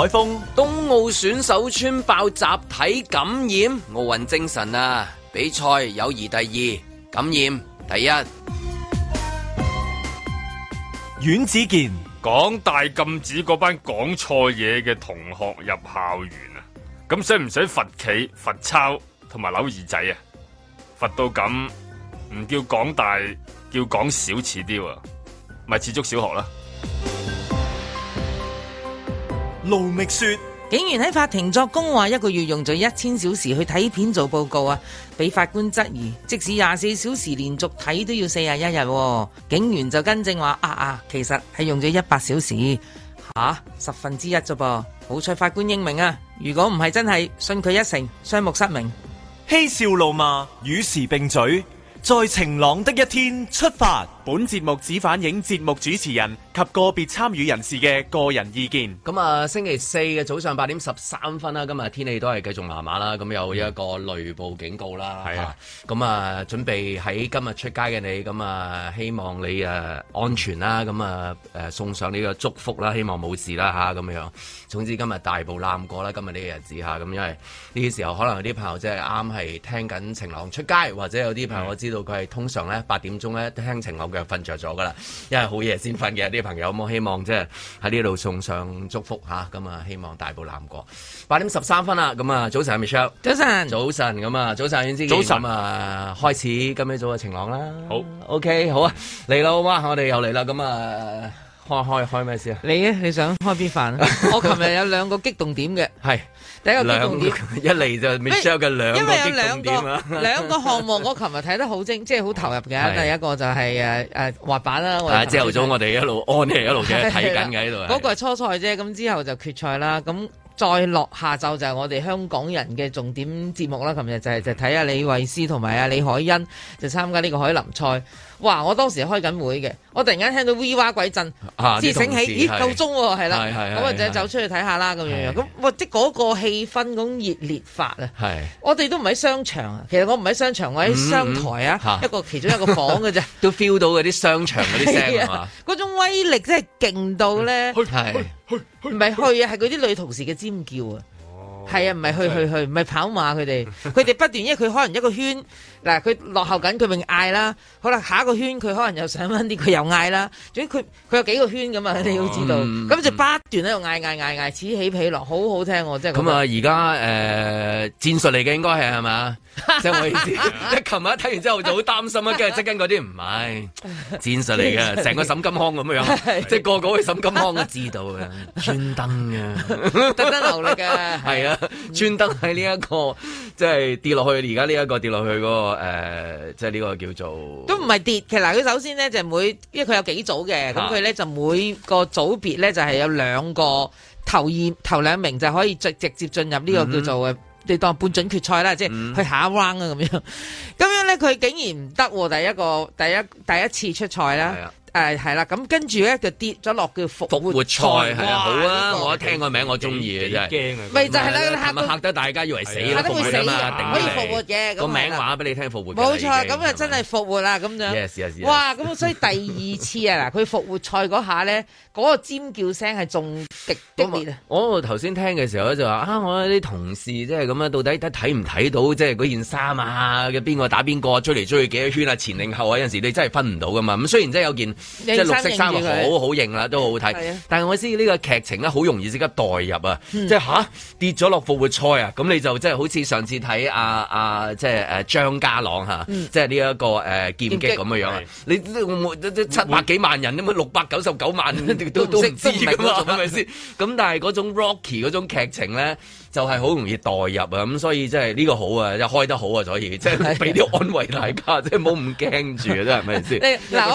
海風，東奧選手村爆集體感染，奧運精神啊！比賽友誼第二，感染第一。阮子健，港大禁止嗰班講錯嘢嘅同學入校園啊！咁使唔使罰企、罰抄同埋扭耳仔啊？罰到咁，唔叫港大，叫港小似啲喎，咪似足小學啦。盧覓雪，警員喺法庭作供話，一個月用咗一千小時去睇片做報告啊，被法官質疑，即使廿四小時連續睇都要四十一日，警員就更正話，啊啊，其實係用咗一百小時，吓、啊、十分之一咋噃，好彩法官英明啊，如果唔係真係信佢一成，雙目失明，嬉笑怒罵與時並舉，在晴朗的一天出發。本節目只反映節目主持人及個別參與人士嘅個人意見。咁啊，星期四嘅早上八點十三分啦，今日天氣都係繼續麻麻啦，咁有一個雷暴警告啦。係、嗯、啊，咁啊，準備喺今日出街嘅你，咁啊，希望你誒、啊、安全啦，咁啊誒、啊、送上呢個祝福啦，希望冇事啦吓，咁、啊、樣。總之今日大步冧過啦，今日呢個日子吓，咁、啊、因為呢啲時候可能有啲朋友即係啱係聽緊晴朗出街，或者有啲朋友我知道佢係通常咧八點鐘咧聽晴朗嘅。瞓着咗噶啦，因為好夜先瞓嘅啲朋友，我希望即係喺呢度送上祝福吓，咁啊希望大步南過。八點十三分啊，咁啊早晨 Michelle，早晨，早晨咁啊早晨袁之杰早晨啊。安開始今，今日早嘅晴朗啦。好，OK，好啊，嚟啦，好嘛，我哋又嚟啦，咁啊。開開開咩事？你呢？你想開邊飯啊？ 我琴日有兩個激動點嘅，係 是第一個激動點兩一嚟就 Michelle 嘅兩個激動兩個項 目我琴日睇得好精，即係好投入嘅。的第一個就係誒誒滑板啦。啊，朝、啊、頭、啊、早我哋一路安嘅，一路睇緊嘅喺度。嗰的、那個係初賽啫，咁之後就決賽啦。咁再落下晝就係我哋香港人嘅重點節目啦。琴日就係、是、就睇、是、下李慧詩同埋阿李海欣就參加呢個海林賽。哇！我當時開緊會嘅，我突然間聽到 We 哇鬼震，即醒起咦夠鐘喎，係啦，咁啊就走出去睇下啦，咁樣樣咁，即係嗰個氣氛咁熱烈法啊！我哋都唔喺商場啊，其實我唔喺商場，我喺商台啊，一個其中一個房嘅啫，都 feel 到嗰啲商場嗰啲聲啊，嗰種威力真係勁到咧，係唔係去啊？係嗰啲女同事嘅尖叫啊，係啊，唔係去去去，唔係跑馬佢哋，佢哋不斷因為佢可能一個圈。嗱，佢落後緊，佢咪嗌啦。好啦，下一個圈佢可能又上返啲，佢又嗌啦。總之佢佢有幾個圈咁啊，你要知道。咁就不斷喺度嗌嗌嗌嗌，此起彼落，好好聽喎，即係。咁啊，而家誒戰術嚟嘅應該係，係嘛？即係我意思。係琴日睇完之後就好擔心啊，跟住即跟嗰啲唔係戰術嚟嘅，成個沈金康咁樣，即係個個去沈金康都知道嘅，專登嘅，特登流落嘅，係啊，專登喺呢一個即係跌落去，而家呢一個跌落去個。個誒、呃，即係呢個叫做都唔係跌，其實佢首先呢就每，因為佢有幾組嘅，咁佢呢就每個組別呢就係、是、有兩個頭二頭兩名就可以直接進入呢個叫做誒，嗯、你當半準決賽啦，即、就、係、是、去下一 round 啊，咁樣，咁 樣呢佢竟然唔得，第一個第一第一次出賽、嗯、啦。誒係啦，咁跟住咧就跌咗落叫復復活賽係啊，好啊！我聽個名我中意嘅真係驚，咪就係啦吓嚇得大家以為死，吓得會死啊，可以復活嘅個名話俾你聽復活冇錯，咁啊真係復活啦咁樣，哇！咁所以第二次啊，嗱佢復活賽嗰下咧，嗰個尖叫聲係仲極激烈啊！我頭先聽嘅時候咧就話啊，我啲同事即係咁樣，到底睇唔睇到即係嗰件衫啊，嘅邊個打邊個，追嚟追去，幾多圈啊，前定後啊，有陣時你真係分唔到噶嘛，咁雖然真係有件。即係綠色衫好好型啦，都好好睇。但係我知呢個劇情咧，好容易即刻代入啊！即係吓跌咗落復活賽啊！咁你就即係好似上次睇阿阿即係誒張家朗吓，即係呢一個誒劍擊咁嘅樣啊！你都七百幾萬人，咁六百九十九萬都都唔知噶嘛，係咪先？咁但係嗰種 Rocky 嗰種劇情咧。就係好容易代入啊，咁所以真係呢個好啊，又開得好啊，所以即係俾啲安慰大家，即係唔好咁驚住，真係咪先？ 你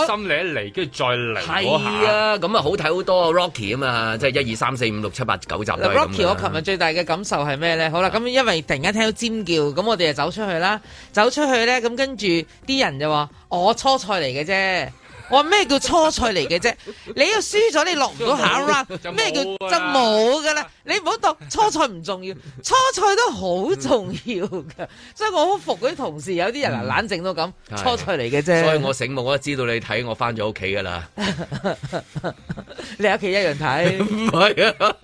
心理一嚟，跟住再嚟係啊，咁啊下好睇好多啊 Rocky 啊嘛，即係一二三四五六七八九集都咁。Rocky，我琴日最大嘅感受係咩咧？好啦，咁因為突然間聽到尖叫，咁我哋就走出去啦。走出去咧，咁跟住啲人就話：我初賽嚟嘅啫。我咩叫初賽嚟嘅啫？你要輸咗，你落唔到下 round 咩叫就冇噶啦？ 你唔好讀初賽唔重要，初賽都好重要噶。所以，我好服嗰啲同事，有啲人啊冷靜到咁。嗯、初賽嚟嘅啫。所以我醒目，我知道你睇我翻咗屋企噶啦。 你喺屋企一樣睇。唔係 是啊。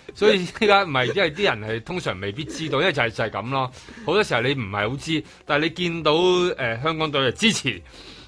所以依家唔係，因為啲人係通常未必知道，因為就係、是、就係、是、咁咯。好多時候你唔係好知，但係你見到誒、呃、香港隊嚟支持。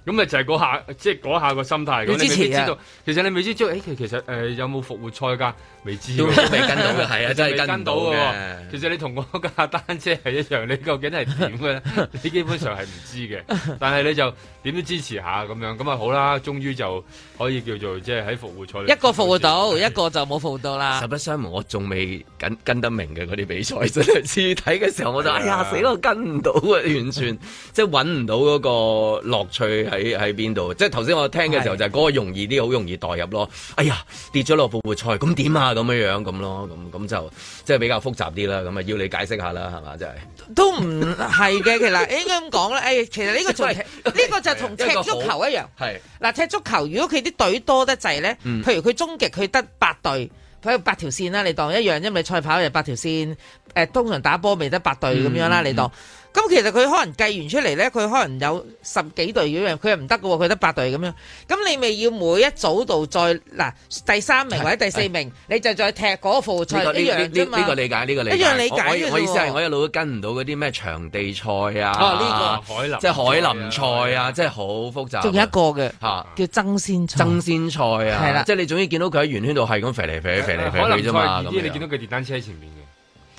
咁咪就係嗰下，即係嗰下個心態。你未知道啊？其實你未知即、哎、其實有冇復活賽㗎？未知都未 跟到嘅，係啊， 真係跟到嘅。其實你同我架單車係一樣，你究竟係點嘅咧？ 你基本上係唔知嘅， 但係你就點都支持下咁樣，咁啊好啦，終於就可以叫做即係喺復活賽。一個復活到，對一個就冇復活到啦。實不相瞞，我仲未跟跟得明嘅嗰啲比賽，真係。次睇嘅時候，我就哎呀死咯， 跟唔到啊，完全 即係搵唔到嗰個樂趣喺喺邊度。即係頭先我聽嘅時候是就係嗰個容易啲，好容易代入咯。哎呀，跌咗落復活賽，咁點啊？咁嘅樣咁咯，咁咁就即係比較複雜啲啦。咁啊，要你解釋下啦，係嘛？真係都唔係嘅，其實應該咁講啦。誒，其實呢個仲呢個就同踢足球一樣。係嗱， 踢足球如果佢啲隊多得滯咧，的譬如佢終極佢得隊、嗯、八隊，佢有八條線啦，你當一樣，因為賽跑又八條線。誒，通常打波未得八隊咁樣啦，你當。嗯咁其實佢可能計完出嚟咧，佢可能有十幾隊一樣，佢又唔得嘅喎，佢得八隊咁樣。咁你咪要每一組度再嗱第三名或者第四名，你就再踢嗰副賽呢樣啫嘛。呢個理解呢個理解。一樣理解。我意思係我一路都跟唔到嗰啲咩場地賽啊，即係海林賽啊，即係好複雜。仲有一個嘅叫爭先賽。爭先賽啊，即係你總之見到佢喺圓圈度係咁飛嚟飛去飛嚟飛去。海林賽你見到佢電單車喺前面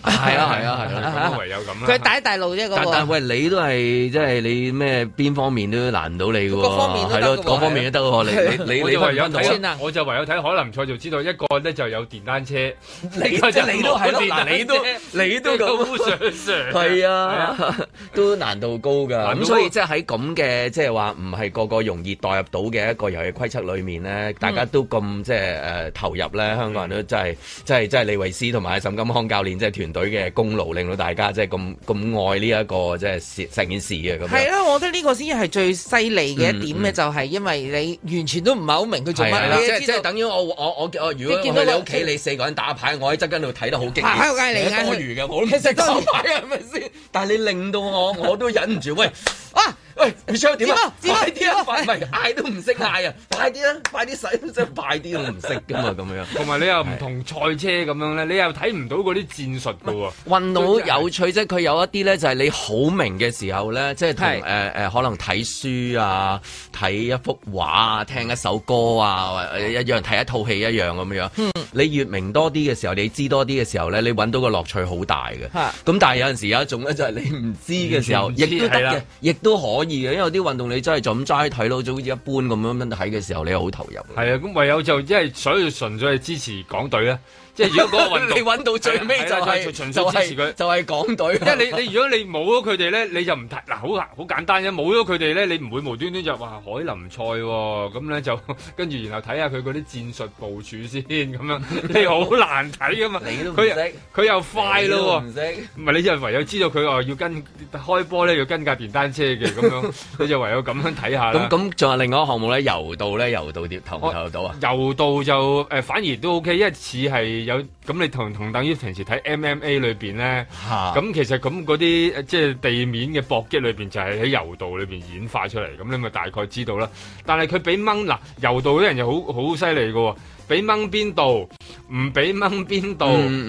係啊係啊係啊，唯有咁。佢大大路啫，個但但喂你都係即係你咩邊方面都難唔到你喎。各方面都係咯，各方面都得喎。你你你你唯有睇我就唯有睇海南賽就知道一個咧就有電單車，你都你都係你都你都都上上。係啊，都難度高㗎。咁所以即係喺咁嘅即係話唔係個個容易代入到嘅一個遊戲規則裏面咧，大家都咁即係誒投入咧。香港人都真係即係即係李維斯同埋沈金康教練即係團。隊嘅功勞令到大家即係咁咁愛呢、這、一個即係成件事嘅咁。係啦、啊，我覺得呢個先係最犀利嘅一點嘅，就係因為你完全都唔係好明佢做乜嘅。即即係等於我我我我如果我喺你家見到你屋企，你四個人打牌，我喺側邊度睇得好激烈。多、啊、餘嘅，在在我其實都係，係咪先？但係你令到我我都忍唔住，喂啊！喂，你想點啊？快啲啊！唔係嗌都唔識嗌啊！快啲啊！快啲使！都唔快啲都唔識噶嘛咁樣。同埋你又唔同賽車咁樣咧，你又睇唔到嗰啲戰術噶喎。運到有趣即係佢有一啲咧，就係你好明嘅時候咧，即係同誒誒可能睇書啊、睇一幅畫啊、聽一首歌啊，一樣睇一套戲一樣咁樣。你越明多啲嘅時候，你知多啲嘅時候咧，你揾到個樂趣好大嘅。咁但係有陣時有一種咧，就係你唔知嘅時候，亦都得嘅，亦都可。可以嘅，因為啲運動你真係就咁齋睇咯，就好似一般咁樣樣睇嘅時候，你又好投入。係啊，咁唯有就因為所以純粹係支持港隊咧。 即係如果嗰個運動，你揾到最尾就係、是、佢，就係、是就是就是、港隊。因為你你如果你冇咗佢哋咧，你就唔睇嗱好好簡單嘅冇咗佢哋咧，你唔會無端端就話凱林賽喎咁咧就跟住然後睇下佢嗰啲戰術部署先咁、嗯、樣，你好難睇噶嘛。你都唔識佢又快咯、哦，唔識唔係你即係唯有知道佢話要跟開波咧要跟架電單車嘅咁樣，你就唯有咁 樣睇下啦。咁仲有另外一個項目咧，遊渡咧遊渡碟投投渡啊？遊渡就誒、呃、反而都 OK，因為似係。有咁你同同等於平時睇 MMA 裏邊咧，咁 其實咁嗰啲即係地面嘅搏擊裏面，就係喺柔道裏面演化出嚟，咁你咪大概知道啦。但係佢俾掹嗱柔道嗰啲人又好好犀利喎。俾掹邊度？唔俾掹邊度？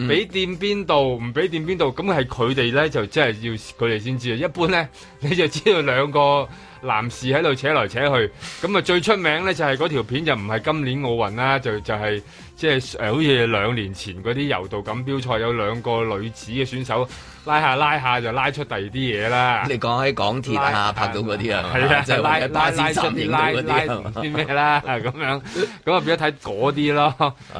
俾掂邊度？唔俾掂邊度？咁係佢哋咧就即係要佢哋先知。一般咧，你就知道兩個男士喺度扯來扯去。咁啊，最出名咧就係嗰條片就唔係今年奧運啦，就就係即係好似兩年前嗰啲柔道錦標賽有兩個女子嘅選手。拉下拉下就拉出第二啲嘢啦。你講喺港鐵啊，拍到嗰啲啊，嘛？就拉拉拉出啲拉拉啲咩啦咁樣，咁啊變咗睇嗰啲咯。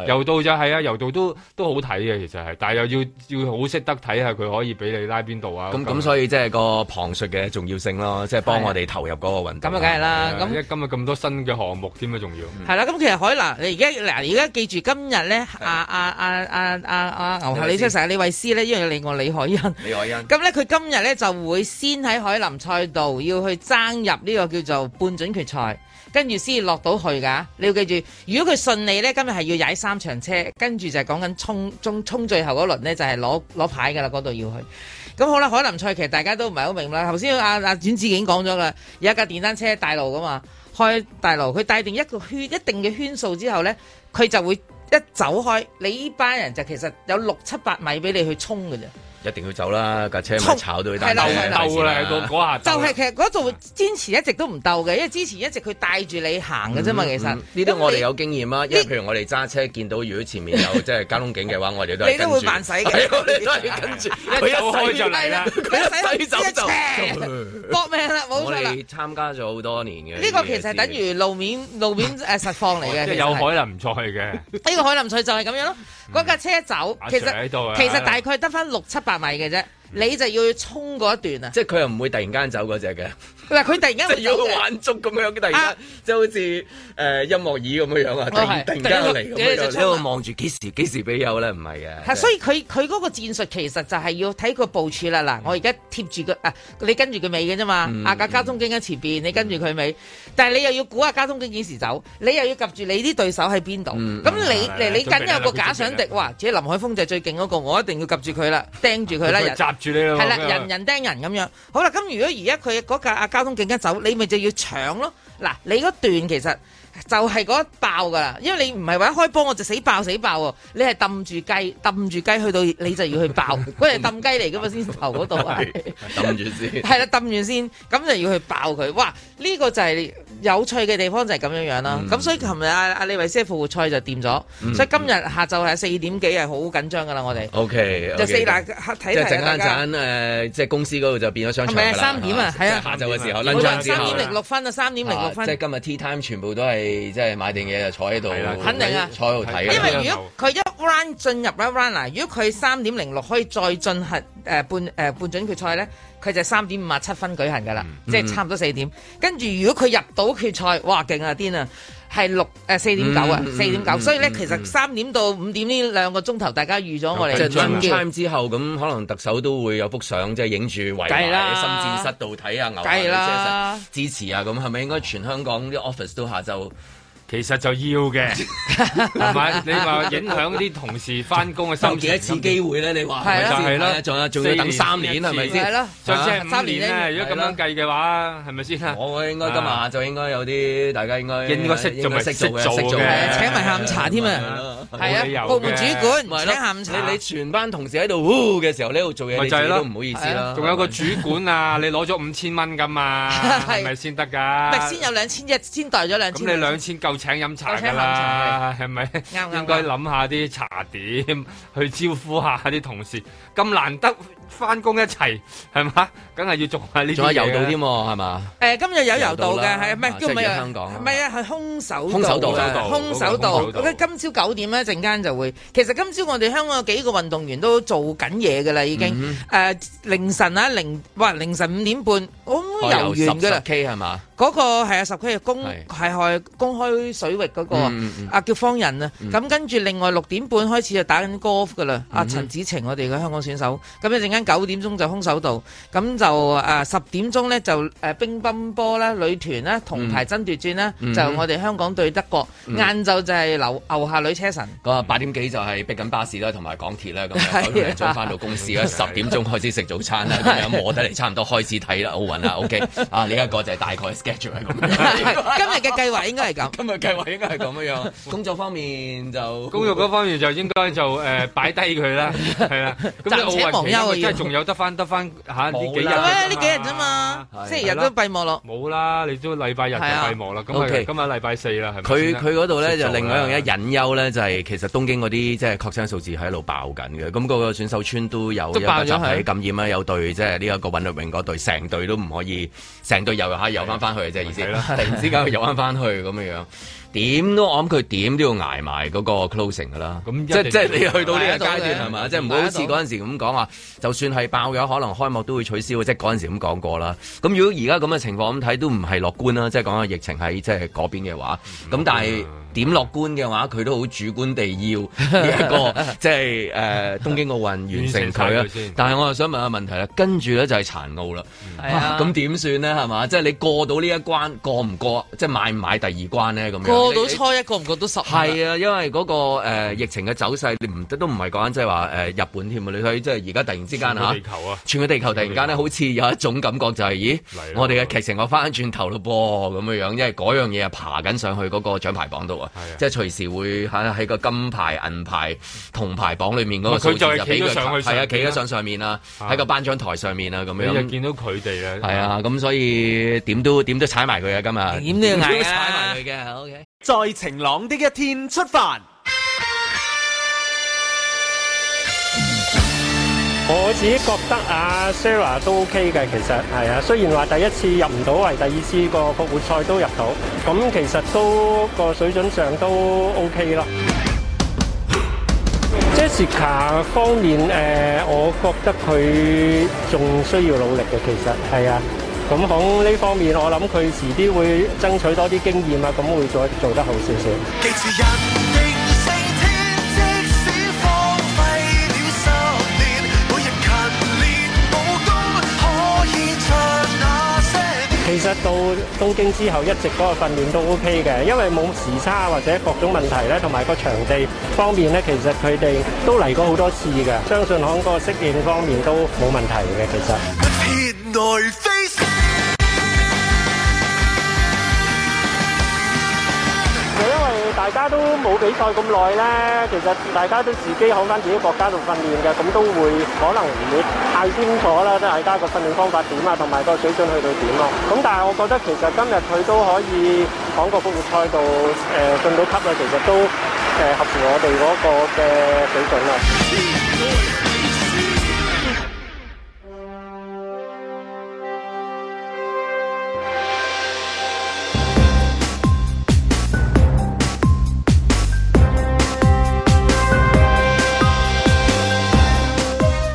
柔道就係啊，柔道都都好睇嘅，其實係，但係又要要好識得睇下佢可以俾你拉邊度啊。咁咁所以即係個旁述嘅重要性咯，即係幫我哋投入嗰個運動。咁啊，梗係啦。咁今日咁多新嘅項目添啊，仲要。係啦，咁其實海南你而家嗱，而家記住今日咧，阿阿阿阿阿阿牛學理出身李慧思咧，一樣你我李海欣。李咁咧，佢今日咧就會先喺海林賽道要去爭入呢個叫做半準決賽，跟住先落到去噶。你要記住，如果佢順利咧，今日係要踩三場車，跟住就係講緊沖沖沖最後嗰輪咧，就係攞攞牌噶啦。嗰度要去咁好啦。海林賽其實大家都唔係好明白。頭先阿阿轉子已經講咗噶，有一架電單車大路噶嘛，開大路佢帶定一個圈一定嘅圈數之後咧，佢就會一走開，你呢班人就其實有六七百米俾你去沖噶啫。一定要走啦，架車咪炒到佢兜啦，就係其實嗰度堅持一直都唔兜嘅，因為之前一直佢帶住你行嘅啫嘛，其實。呢啲我哋有經驗啦，因為譬如我哋揸車見到如果前面有即係交通警嘅話，我哋都係你都會慢駛嘅。我哋都係跟住，佢一開就嚟啦，佢一開就一斜，搏命啦，冇錯啦。我哋參加咗好多年嘅。呢個其實等於路面路面誒實況嚟嘅，即係有海林賽嘅。呢個海林賽就係咁樣咯。嗰架，嗯、車走，其實其實大概得返六七百米嘅啫。你就要衝嗰一段啊！即係佢又唔會突然間走嗰隻嘅。嗱，佢突然間即係要玩足咁樣，突然間即係好似誒音樂椅咁樣樣啊！突然嚟咁樣，你喺度望住幾時幾時俾有咧？唔係嘅。所以佢佢嗰個戰術其實就係要睇佢部署啦。嗱，我而家貼住佢啊，你跟住佢尾嘅啫嘛。啊，個交通警喺前邊，你跟住佢尾。但係你又要估下交通警幾時走，你又要及住你啲對手喺邊度。咁你嚟，你梗有個假想敵。哇！自己林海峰就最勁嗰個，我一定要及住佢啦，釘住佢啦，係啦，是的人人盯人咁樣，嗯、好啦，咁如果而家佢嗰架啊交通警一走，你咪就要搶咯。嗱，你嗰段其實就係嗰爆噶啦，因為你唔係話一開波我就死爆死爆喎，你係揼住雞，揼住雞去到你就要去爆，嗰係揼雞嚟噶嘛先頭嗰度啊，揼住 先，係啦，揼住先，咁就要去爆佢，哇！呢個就係有趣嘅地方就係咁樣樣啦。咁所以琴日阿阿李慧詩嘅復活賽就掂咗，所以今日下晝係四點幾係好緊張噶啦，我哋。O K 就四嗱睇睇。即係陣間即係公司嗰度就變咗商場啦。唔係三點啊，係啊，下晝嘅時候。冇人三點零六分啊，三點零六分。即係今日 tea time 全部都係即係買定嘢就坐喺度，肯定啊，坐喺度睇。因為如果佢一 run 進入一 run 嗱，如果佢三點零六可以再進行誒半誒半準決賽咧。佢就三點五啊七分舉行㗎啦，即係、嗯、差唔多四點。跟住、嗯、如果佢入到決賽，哇，勁啊！癲啊，係六誒四點九啊，四點九。所以咧，嗯、其實三點到五點呢兩個鐘頭，嗯、大家預咗我哋。即係 time 之後，咁可能特首都會有幅相，即係影住圍埋喺心戰室度睇、啊、下牛，啦支持啊咁，係咪應該全香港啲 office 都下晝？其實就要嘅，係咪？你話影響啲同事翻工嘅心情？有幾多次機會咧？你話就係啦，仲有仲要等三年係咪先？係咯，上次係三年咧。如果咁樣計嘅話，係咪先？我應該今日就應該有啲大家應該應該識做咪識做嘅，請埋下午茶添啊！係啊，有部門主管請下午茶。你你全班同事喺度嘅時候，你喺度做嘢，咪就係咯，唔好意思啦。仲有個主管啊，你攞咗五千蚊㗎嘛，係咪先得㗎？咪先有兩千一，先代咗兩千。咁你兩千夠？請飲茶啦，係咪應該諗下啲茶點，去招呼下啲同事。咁難得翻工一齊，係嘛，梗係要做下呢啲嘢，做下柔道添，係嘛？咪？今日有柔道嘅，係咪？係叫咩啊？唔係啊，係空手道。空手道，空手道。今朝九點咧陣間就會。其實今朝我哋香港有幾個運動員都做緊嘢嘅啦，已經。凌晨啊，凌哇，凌晨五點半，我遊完㗎啦。K 係嘛？嗰個係啊，十區嘅公係開公開水域嗰個啊，叫方人啊。咁跟住另外六點半開始就打緊 golf 噶啦，阿陳子晴我哋嘅香港選手。咁一陣間九點鐘就空手道，咁就誒十點鐘呢，就誒冰乒乓波啦、女團啦、銅牌爭奪戰啦，就我哋香港對德國。晏晝就係留留下女車神。嗰啊，八點幾就係逼緊巴士啦，同埋港鐵啦，咁啊，再翻到公司啦。十點鐘開始食早餐啦，咁樣摸得嚟差唔多開始睇啦奧運啦。OK，啊呢一個就係大概。繼續係咁，今日嘅計劃應該係咁。今日計劃應該係咁樣。工作方面就工作嗰方面就應該就誒擺低佢啦，係啊。暫且忘憂啊！要真係仲有得翻得翻嚇呢幾日？冇啦，呢幾日啫嘛，星期日都閉幕咯。冇啦，你都禮拜日就閉幕啦。O K，今日禮拜四啦，係咪？佢佢嗰度咧就另外一樣嘢隱憂咧，就係其實東京嗰啲即係確診數字喺度爆緊嘅。咁個個選手村都有一個集體感染啦，有隊即係呢一個韻律泳嗰隊，成隊都唔可以，成隊遊下遊翻翻。係啊，意思，突然之間又翻翻去咁樣樣，點都我諗佢點都要挨埋嗰個 closing 噶啦。咁、嗯、即即係你去到呢個階段係嘛？即係唔好似嗰陣時咁講話，就算係爆咗，可能開幕都會取消。即係嗰陣時咁講過啦。咁如果而家咁嘅情況咁睇，都唔係樂觀啦。即係講下疫情喺即係嗰邊嘅話，咁、嗯、但係。點樂觀嘅話，佢都好主觀地要一個即係誒東京奧運完成佢。但係我又想問個問題啦，跟住咧就係殘奧啦，咁點算呢？係嘛，即係你過到呢一關過唔過？即係買唔買第二關呢？咁過到初一過唔過到十？係啊，因為嗰個疫情嘅走勢，你唔都唔係講緊即係話誒日本添你睇即係而家突然之間嚇啊全個地球突然間咧，好似有一種感覺就係，咦，我哋嘅劇情我翻轉頭咯噃咁樣樣，因為嗰樣嘢啊爬緊上去嗰個獎牌榜度係啊、即係隨時會喺喺個金牌、銀牌、銅牌,牌榜裏面嗰個，佢再企咗上去，係啊，企咗上上面啦、啊，喺個頒獎台上面啊，咁樣，見到佢哋咧，係啊，咁所以點都點都踩埋佢啊，今日點都要踩埋佢嘅，OK，在晴朗的一天出發。我自己覺得啊，Sarah 都 OK 嘅，其實係啊。雖然話第一次入唔到，但係第二次個復活賽都入到，咁其實都個水準上都 OK 囉。Jessica 方面，誒，我覺得佢仲需要努力嘅，其實係啊。咁喺呢方面，我諗佢遲啲會爭取多啲經驗啊，咁會再做得好少少。其實到東京之後，一直嗰個訓練都 OK 嘅，因為冇時差或者各種問題咧，同埋個場地方面咧，其實佢哋都嚟過好多次嘅，相信喺個適應方面都冇問題嘅，其實。其實因為大家都冇比賽咁耐咧，其實大家都自己響翻自己國家度訓練嘅，咁都會可能唔會太清楚啦，即係大家個訓練方法點啊，同埋個水準去到點咯。咁但係我覺得其實今日佢都可以響個復活賽度誒進到級啦，其實都誒合乎我哋嗰個嘅水準啦。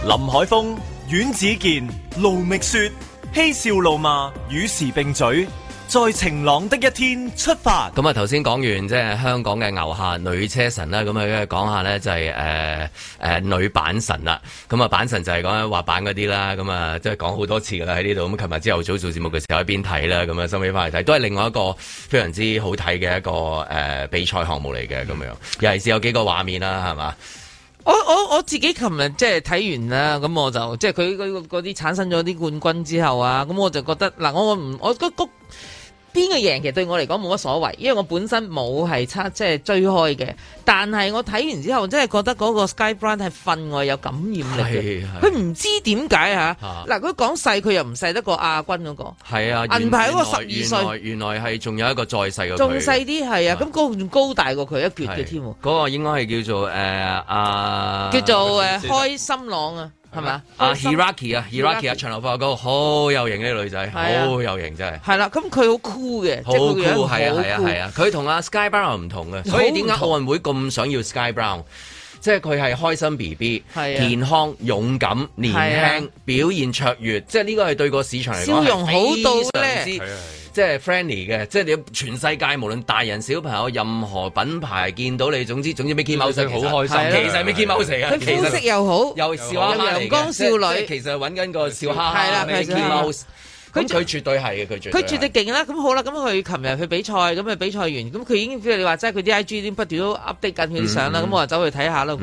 林海峰、阮子健、盧覓雪、嬉笑怒罵與時並嘴，在晴朗的一天出發。咁啊，頭先講完即係香港嘅牛下女車神啦，咁啊、就是，講下咧就係誒誒女板神啦。咁啊，板神就係講喺滑板嗰啲啦。咁啊，即係講好多次啦喺呢度。咁琴日朝頭早做節目嘅時候喺邊睇啦，咁啊收尾翻嚟睇，都係另外一個非常之好睇嘅一個誒、呃、比賽項目嚟嘅。咁樣尤其是有幾個畫面啦，係嘛？我我我自己琴日即係睇完啦，咁我就即係佢嗰嗰啲產生咗啲冠軍之後啊，咁我就覺得嗱，我唔我嗰個。邊個贏，其實對我嚟講冇乜所謂，因為我本身冇係即係追開嘅。但係我睇完之後，真係覺得嗰個 Sky Brand 係分外有感染力嘅。佢唔知點解吓。嗱，佢講細，佢又唔細得過亞軍嗰個。係啊，銀牌嗰個十二歲。原來係仲有一個再細個。仲細啲係啊，咁高仲高大過佢一橛嘅添。嗰個應該係叫做誒啊。叫做誒開心朗啊。係咪？啊，Hiraki 啊，Hiraki 啊，長頭髮個好有型呢個女仔，好有型真係。係啦，咁佢好酷嘅，好酷！o 係啊，係啊，係啊。佢同啊 Sky Brown 唔同嘅，所以點解奧運會咁想要 Sky Brown？即係佢係開心 BB，健康、勇敢、年輕、表現卓越，即係呢個係對個市場嚟講，笑容好到咧。即係 friendly 嘅，即係你全世界無論大人小朋友，任何品牌見到你，總之總之 Mickey Mouse 好開心，其實係 Mickey Mouse 啊，膚色又好，又笑又陽光少女，其實揾緊個笑哈，佢佢絕對係嘅，佢絕對，佢絕對勁啦。咁好啦，咁佢琴日去比賽，咁佢比賽完，咁佢已經即係你話齋，佢啲 I G 都不斷都 update 緊佢啲相啦。咁我話走去睇下啦，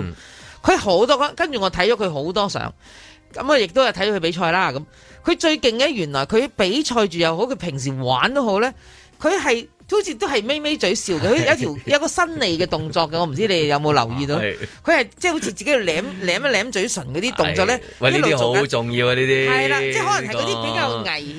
佢好多，跟住我睇咗佢好多相。咁啊，亦都、嗯、有睇到佢比賽啦。咁、嗯、佢最勁嘅，原來佢比賽住又好，佢平時玩好好都好咧。佢係好似都係咪咪嘴笑嘅，是的 有條 有一個伸脷嘅動作嘅。我唔知你哋有冇留意到？佢係即係好似自己舐舐 一舐嘴唇嗰啲動作咧，喂呢啲好重要啊！呢啲係啦，即係可能係嗰啲比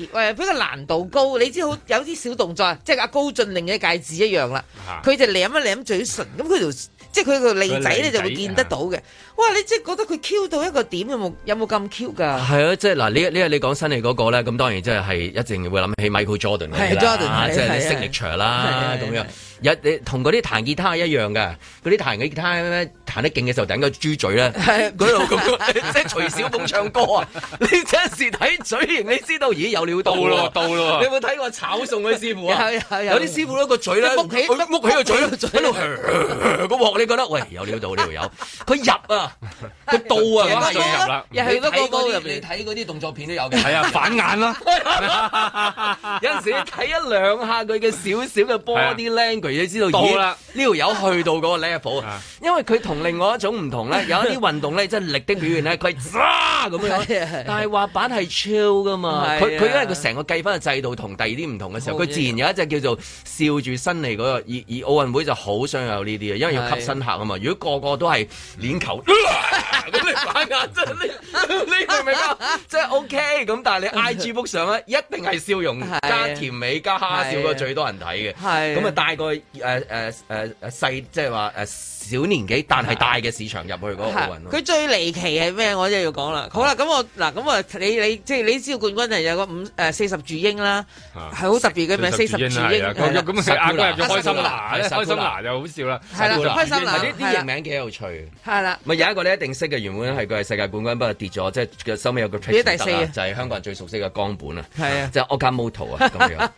較危誒比較難度高。你知好有啲小動作，即係阿高進令嘅戒指一樣啦。佢、啊、就舐一舐嘴唇，咁佢、嗯即係佢個脷仔，你脷仔就會見得到嘅，哇！你即係覺得佢 Q 到一個點，有冇有冇咁 Q 㗎？係啊，即係嗱呢呢個你講新嚟嗰個咧，咁當然即係係一定會諗起 Michael Jordan 㗎啦，即係 The Magic Man 啦咁樣。有你同嗰啲彈吉他一樣嘅，嗰啲彈吉他彈得勁嘅時候，突然間豬嘴啦。喺度咁即係徐小鳳唱歌啊！你即時睇嘴型，你知道已經有料到到咯。你有冇睇過炒餸嗰啲師傅啊？有有有。有啲師傅咧個嘴咧，佢屋起個嘴嘴喺度嗚嗚嗰鑊，你覺得喂，有料到呢度，有佢入啊，佢到啊，入啦。入入嚟睇嗰啲動作片都有嘅。係啊，反眼啦。有陣時你睇一兩下佢嘅少少嘅 body language。佢知道啦，呢條友去到嗰個 level，因為佢同另外一種唔同咧，有一啲運動咧，即係力的表現咧，佢渣咁樣。但係滑板係超㗎噶嘛，佢佢因為佢成個計分嘅制度同第二啲唔同嘅時候，佢自然有一隻叫做笑住身嚟嗰個，而而奧運會就好想有呢啲嘅，因為要吸新客啊嘛。如果個個都係鏈球，咁你扮下即呢呢個明白？即係 OK。咁但係你 IG book 上咧，一定係笑容加甜美加哈笑，個最多人睇嘅。係咁啊，帶誒誒誒誒，細，即係話誒。啊啊啊小年紀但係大嘅市場入去嗰個奧運，佢最離奇係咩？我真係要講啦。好啦，咁我嗱咁啊，你你即係你知道冠軍係有個五誒四十住英啦，係好特別嘅名四十住英咁啊，咁啊，阿哥又開心啦，開心啦就好笑啦，係啦，開心啦！呢啲人名幾有趣，係啦，咪有一個你一定識嘅，原本係佢係世界冠軍，不過跌咗，即係收尾有個。如果第四就係香港人最熟悉嘅岡本啊，係啊，即係 Okamoto 啊，咁樣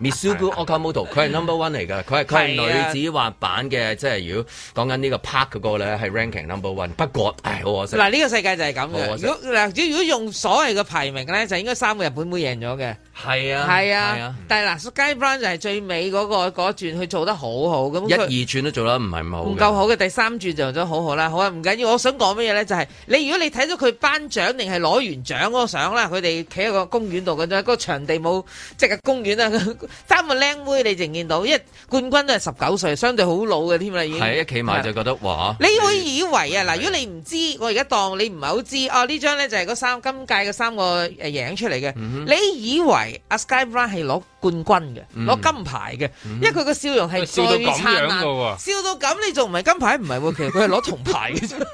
，Missugu Okamoto，佢係 number one 嚟嘅，佢係佢係女子滑板嘅，即係如果講緊。呢個 park 嗰個咧係 ranking number one，不過，唉，好可惜。嗱呢個世界就係咁嘅。嗱只如，如果用所謂嘅排名咧，就應該三個日本妹贏咗嘅。係啊，係啊，係啊，但係嗱、啊、，Sky Brown 就係最尾嗰、嗰個嗰轉，佢做得好好咁，一二轉都做得唔係唔好，唔夠好嘅，第三轉就做得好好啦。好啊，唔緊要。我想講乜嘢咧，就係、係、你如果你睇到佢頒獎定係攞完獎嗰相啦，佢哋企喺個公園度嘅啫，嗰個場地冇即係公園啊，三個靚妹你淨見到，因為冠軍都係十九歲，相對好老嘅添啦，已經係、啊、一企埋就覺得、啊、哇！你會以為啊，嗱、啊，如果你唔知，我而家當你唔係好知哦，呢張咧就係嗰三今屆嘅三個誒影出嚟嘅，嗯、哼你以為？阿 Sky Brown 係攞冠軍嘅，攞金牌嘅，因為佢個笑容係笑到咁樣嘅喎，笑到咁你仲唔係金牌？唔係，其實佢係攞銅牌嘅。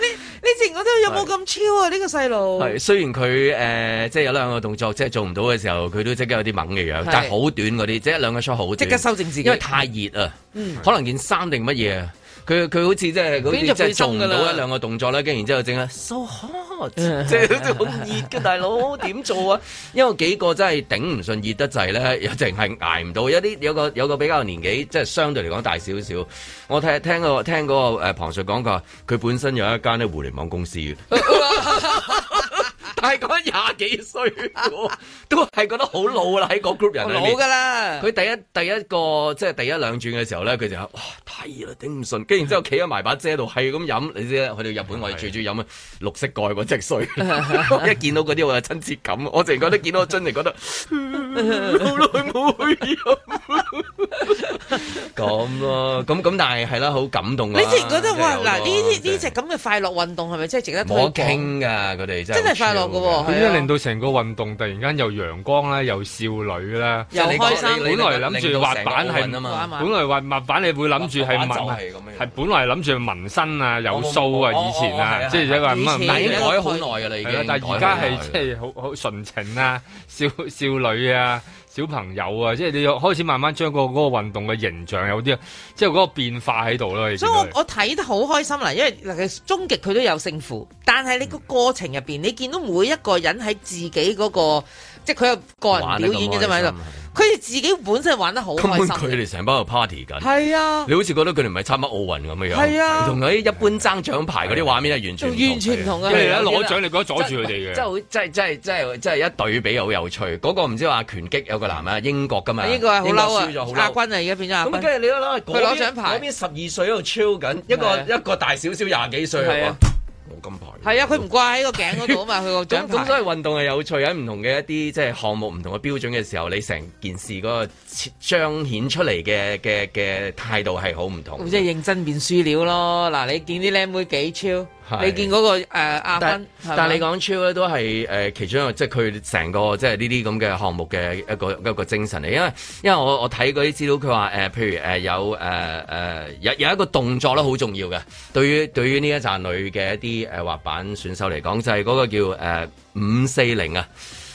你你前嗰張有冇咁超啊？呢個細路係雖然佢誒，即係有兩個動作即係做唔到嘅時候，佢都即刻有啲猛嘅樣，但係好短嗰啲，即係一兩個 show 好短，即刻修正自己，因為太熱啊，可能件衫定乜嘢。佢佢好似即係啲係重到一兩個動作咧，跟然之後整 so hot， 即係好熱嘅大佬點做啊？ 因為幾個真係頂唔順熱得滯咧，有成係捱唔到。有啲有個有個比較年紀，即係相對嚟講大少少。我聽聽個聽嗰個誒龐 sir 講過，佢、呃、本身有一間咧互聯網公司。 大概廿幾歲，都係覺得好老啦喺個 group 人。老㗎啦！佢第一第一個即係第一兩轉嘅時候咧，佢就哇太熱啦，頂唔順。跟住然之後企喺埋把遮度，係咁飲。你知呢？去到日本我哋最中意飲啊綠色蓋嗰隻水。的 我一見到嗰啲我有親切感。我直情覺得 見到覺得好耐冇去飲。咁 咯、啊，咁咁，但係係啦，好感動、啊。你直情覺得哇嗱，呢啲呢隻咁嘅快樂運動係咪即係值得好傾㗎？佢哋真係快樂。佢依家令到成個運動突然間又陽光啦，又少女啦，又開心。本來諗住滑板係啊嘛，本來滑板你會諗住係紋，係本來諗住紋身啊、有數啊、以前啊，即係話唔係好耐啊，你已經，但係而家係即係好好純情啊，少少女啊。小朋友啊，即係你開始慢慢將個嗰個運動嘅形象有啲，即係嗰個變化喺度啦。所以我，你我我睇得好開心啦，因為嗱，佢終極佢都有勝負，但係你個過程入邊，嗯、你見到每一個人喺自己嗰、嗰個，即係佢有個人表演嘅啫嘛喺度。佢哋自己本身玩得好，根本佢哋成班喺 party 緊。係啊，你好似覺得佢哋唔係參加奧運咁嘅樣。係啊，同佢一般爭獎牌嗰啲畫面係完全完全唔同。因為一攞獎，你覺得阻住佢哋嘅。即係真係真係真係真係一對比好有趣。嗰個唔知話拳擊有個男啊，英國㗎嘛，英國好嬲啊，亞軍啊而家變咗。咁跟住你睇攞嗰邊嗰邊十二歲喺度 chill 緊，一個一個大少少廿幾歲係嘛？冇金牌。係啊，佢唔掛喺個頸嗰度啊嘛，佢個獎咁。所以運動係有趣喺唔同嘅一啲即係項目唔同嘅標準嘅時候，你成件事嗰個彰顯出嚟嘅嘅嘅態度係好唔同。即係認真變輸料咯，嗱，你見啲靚妹幾超。是你見嗰、那個誒亞軍，呃、但,吧但你講超咧都係誒、呃其,呃其,呃、其中一個，即係佢成個即係呢啲咁嘅項目嘅一個一個,一個精神嚟，因為因為我我睇嗰啲資料，佢話誒譬如誒有誒有有一個動作咧好重要嘅，對於對於呢一站女嘅一啲誒滑板選手嚟講，就係、是、嗰個叫誒五四零啊。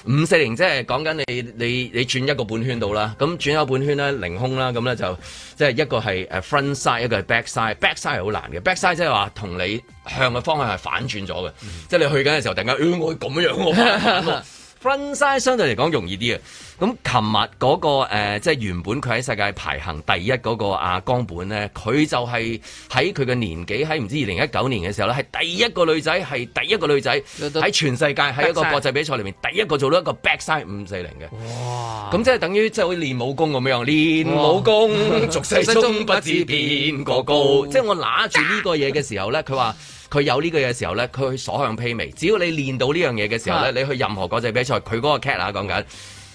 五四零即係講緊你你你轉一個半圈度啦，咁轉咗半圈咧，凌空啦，咁咧就即係一個係 front side，一個係 back side，back side 係好難嘅，back side 即係話同你向嘅方向係反轉咗嘅，即係、嗯、你去緊嘅時候突然間，哎、我會咁樣喎。 分身相對嚟講容易啲啊！咁琴日嗰個誒、呃，即係原本佢喺世界排行第一嗰個阿、啊、岡本咧，佢就係喺佢嘅年紀喺唔知二零一九年嘅時候咧，係第一個女仔，係第一個女仔喺全世界喺一個國際比賽裏面，第一個做到一個 backside 五四零嘅。哇！咁即係等於即係好似練武功咁樣，練武功，俗世中不知變個高。 即係我拿住呢個嘢嘅時候咧，佢話。佢有呢個嘢時候咧，佢所向披靡。只要你練到呢樣嘢嘅時候咧，是的 你去任何國際比賽，佢嗰個 cat 啊講緊，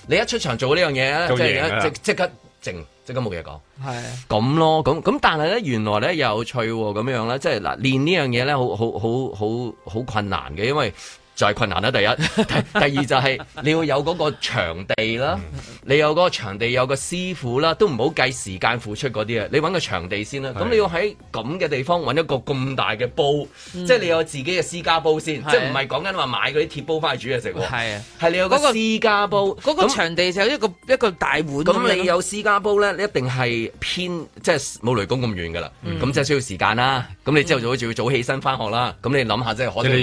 你一出場做呢樣嘢咧，即即即刻靜，即刻冇嘢講，係咁是的 咯，咁咁。但係咧，原來咧又有趣喎，咁樣咧，即係嗱練呢樣嘢咧，好好好好好困難嘅，因為。再困難啦，第一，第二就係你要有嗰個場地啦，你有嗰個場地有個師傅啦，都唔好計時間付出嗰啲啊。你揾個場地先啦，咁你要喺咁嘅地方揾一個咁大嘅煲，即係你有自己嘅私家煲先，即係唔係講緊話買嗰啲鐵煲翻去煮嘢食喎。係啊，係你有個私家煲，嗰個場地就有一個一個大碗。咁你有私家煲咧，你一定係偏即係冇雷公咁遠噶啦。咁即係需要時間啦。咁你之後就要早起身翻學啦。咁你諗下，即係可能你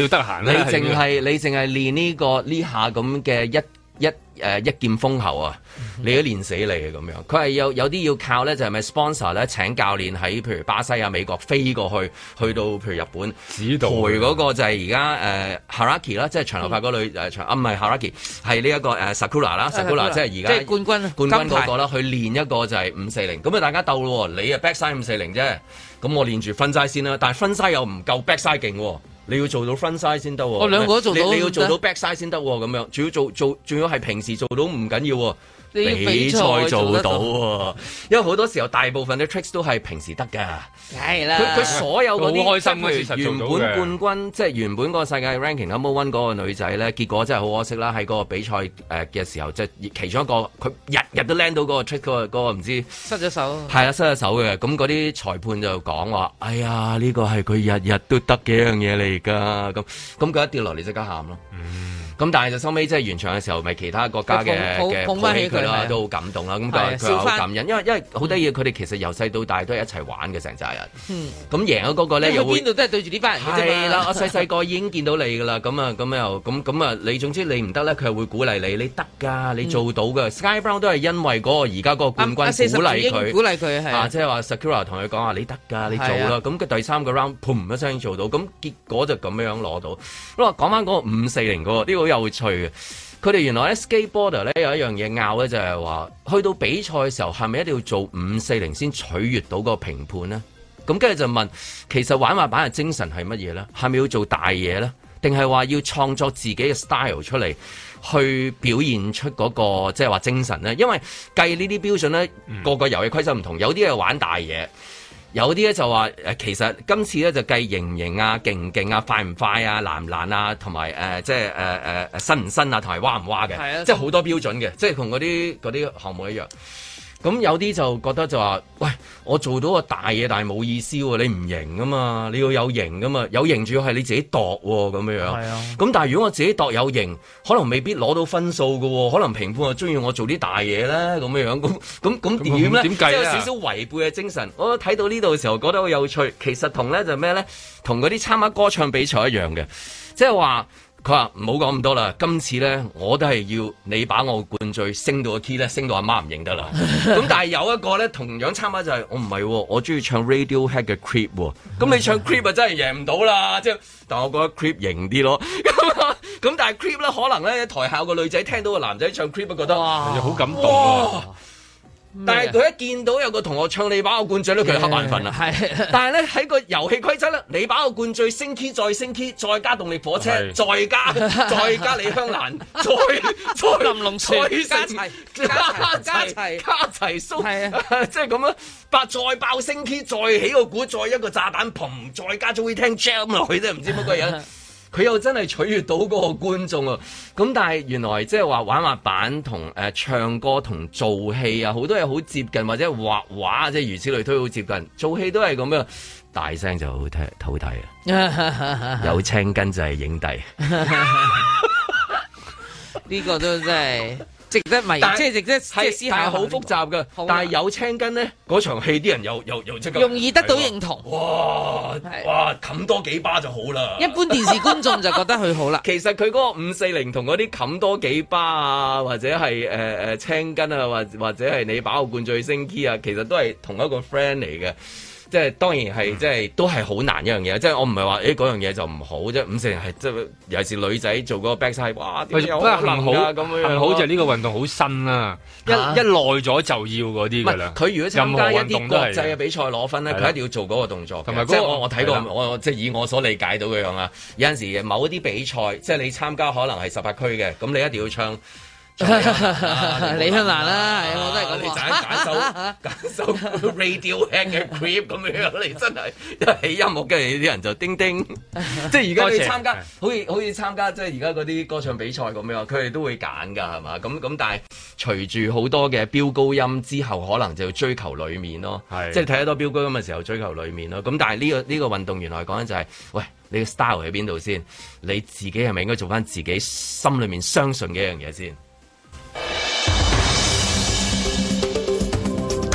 要得閒定係你淨係練、呢個，淨係練呢個呢下咁嘅一一誒一劍封喉啊！你都練死你啊。咁樣。佢係有有啲要靠咧，就係咪 sponsor 咧？請教練喺譬如巴西啊、美國飛過去，去到譬如日本指導。陪嗰個就係而家誒 Haraki 啦，呃、Har aki, 即係長頭髮嗰女誒長唔係 Haraki 係呢一個誒、呃、Sakura 啦、啊、，Sakura 即係而家即係冠軍冠軍嗰個啦。去練一個就係五四零咁啊，大家鬥咯。你啊 backside 五四零啫，咁我練住 frontside 先啦。但係 frontside 又唔夠 backside 勁喎、啊。你要做到 front size 先得，我兩、哦、個都做到。你，你要做到 back size 先得喎，咁樣，仲要做做，仲要係平時做到唔緊要喎。比賽做到喎、啊，因為好多時候大部分嘅 tricks 都係平時得㗎，係啦。佢佢所有嗰啲好開心嘅，原本冠軍即係原本個世界 ranking number one 嗰個女仔咧，結果真係好可惜啦。喺嗰個比賽嘅、呃、時候，即、就、係、是、其中一個，佢日日都 land 到嗰個 tricks 嗰、那個唔、那個、知失咗手，係啊，失咗手嘅。咁嗰啲裁判就講話：，哎呀，呢、這個係佢日日都得嘅一樣嘢嚟㗎。咁咁佢一跌落嚟，即刻喊咯。咁但係就收尾即係完場嘅時候，咪其他國家嘅嘅觀衆佢啦都好感動啦。咁但係佢好感恩，因為因為好得意佢哋其實由細到大都係一齊玩嘅成扎人。咁贏咗嗰個咧會邊度都係對住呢班人，我細細個已經見到你㗎啦。咁啊咁又咁咁啊，你總之你唔得咧，佢會鼓勵你。你得㗎，你做到㗎。Sky Brown 都係因為嗰個而家嗰個冠軍鼓勵佢，鼓勵佢即係話 Sakura 同佢講話，你得㗎，你做啦。咁佢第三個 round，砰一聲做到。咁結果就咁樣攞到。咁講翻嗰個五四零嗰個呢個。好有趣啊，佢哋原來咧 skateboard 咧、er、有一樣嘢拗咧，就係、是、話去到比賽嘅時候，係咪一定要做五四零先取悦到個評判呢？咁跟住就問，其實玩滑板嘅精神係乜嘢呢？係咪要做大嘢呢？定係話要創作自己嘅 style 出嚟，去表現出嗰、那個即係話精神呢？因為計呢啲標準呢，嗯、各個個遊戲規則唔同，有啲係玩大嘢。有啲咧就話誒，其實今次咧就計型唔型啊、勁唔勁啊、快唔快啊、難唔難啊，同埋誒即係誒誒誒新唔新啊，同埋嘩唔嘩嘅，的即係好多標準嘅，即係同嗰啲嗰啲項目一樣。咁有啲就覺得就話，喂，我做到個大嘢，但係冇意思喎。你唔型㗎嘛，你要有型㗎嘛，有型主要係你自己度喎咁樣樣。係啊。咁但係如果我自己度有型，可能未必攞到分數㗎喎、哦，可能評判又中意我做啲大嘢咧咁樣樣。咁咁咁點解？呢呢即有少少違背嘅精神。我睇到呢度嘅時候，覺得好有趣。其實同咧就咩咧，同嗰啲參加歌唱比賽一樣嘅，即係話。佢話唔好講咁多啦，今次咧我都係要你把我灌醉，升到個 key 咧，升到阿媽唔認得啦。咁 但係有一個咧，同樣參加就係我唔係喎，我中意唱 Radiohead 嘅 Creep 喎、哦。咁 你唱 Creep 啊，真係贏唔到啦。即係，但係我覺得 Creep 型啲咯。咁 咁但係 Creep 咧，可能咧台下有個女仔聽到個男仔唱 Creep，覺得哇就好感動、哦。但係佢一見到有個同學唱你把我灌醉咧，佢就黑眼瞓啦。係，但係咧喺個遊戲規則咧，你把我灌醉，升 key 再升 key，再加動力火車，再加再加李香蘭，再再加齊加加齊加齊蘇，即係咁啦。爆再爆升 key，再起個鼓，再一個炸彈嘭，再加咗會聽 Jam 落去啫，唔知乜鬼人。佢又真係取悅到嗰個觀眾啊！咁但係原來即係話玩滑板同誒唱歌同做戲啊，好多嘢好接近，或者畫畫即係如此類推，好接近做戲都係咁樣大聲就好睇，好睇啊！ 有青筋就係影帝，呢個都真係。即係咪？即係即係，但係好複雜㗎。是但係有青筋咧，嗰、嗯、場戲啲人又又又容易得到認同。啊、哇！哇，冚多幾巴就好啦。一般電視觀眾就覺得佢好啦。 其實佢嗰個五四零同嗰啲冚多幾巴啊，或者係誒誒青筋啊，或或者係你把我灌醉星機啊，其實都係同一個 friend 嚟嘅。即係當然係，即係都係好難一樣嘢、嗯欸。即係我唔係話誒嗰樣嘢就唔好啫。五四年係即係尤其是女仔做嗰個 backside，哇！唔好啊咁好，樣好就係呢個運動好新啦、啊啊。一一耐咗就要嗰啲啦。佢如果參加一啲國際嘅比賽攞分呢，佢一定要做嗰個動作。同埋的的即係我我睇過我即係以我所理解到嘅樣啊。有陣時某一啲比賽，即係你參加可能係十八區嘅，咁你一定要唱。李香蘭啦，我都係我哋揀揀首揀首 Radiohead 嘅 Creep 咁樣你真係一起音樂，跟住啲人就叮叮。 即係而家你參加，的好似好似參加即係而家嗰啲歌唱比賽咁樣，佢哋都會揀㗎係嘛？咁咁但係隨住好多嘅飆高音之後，可能就要追求裏面咯，的即係睇得多飆高音嘅時候追求裏面咯。咁但係呢、這個呢、這個運動員嚟講就係、是，喂，你嘅 style 喺邊度先？你自己係咪應該做翻自己心裏面相信嘅一樣嘢先？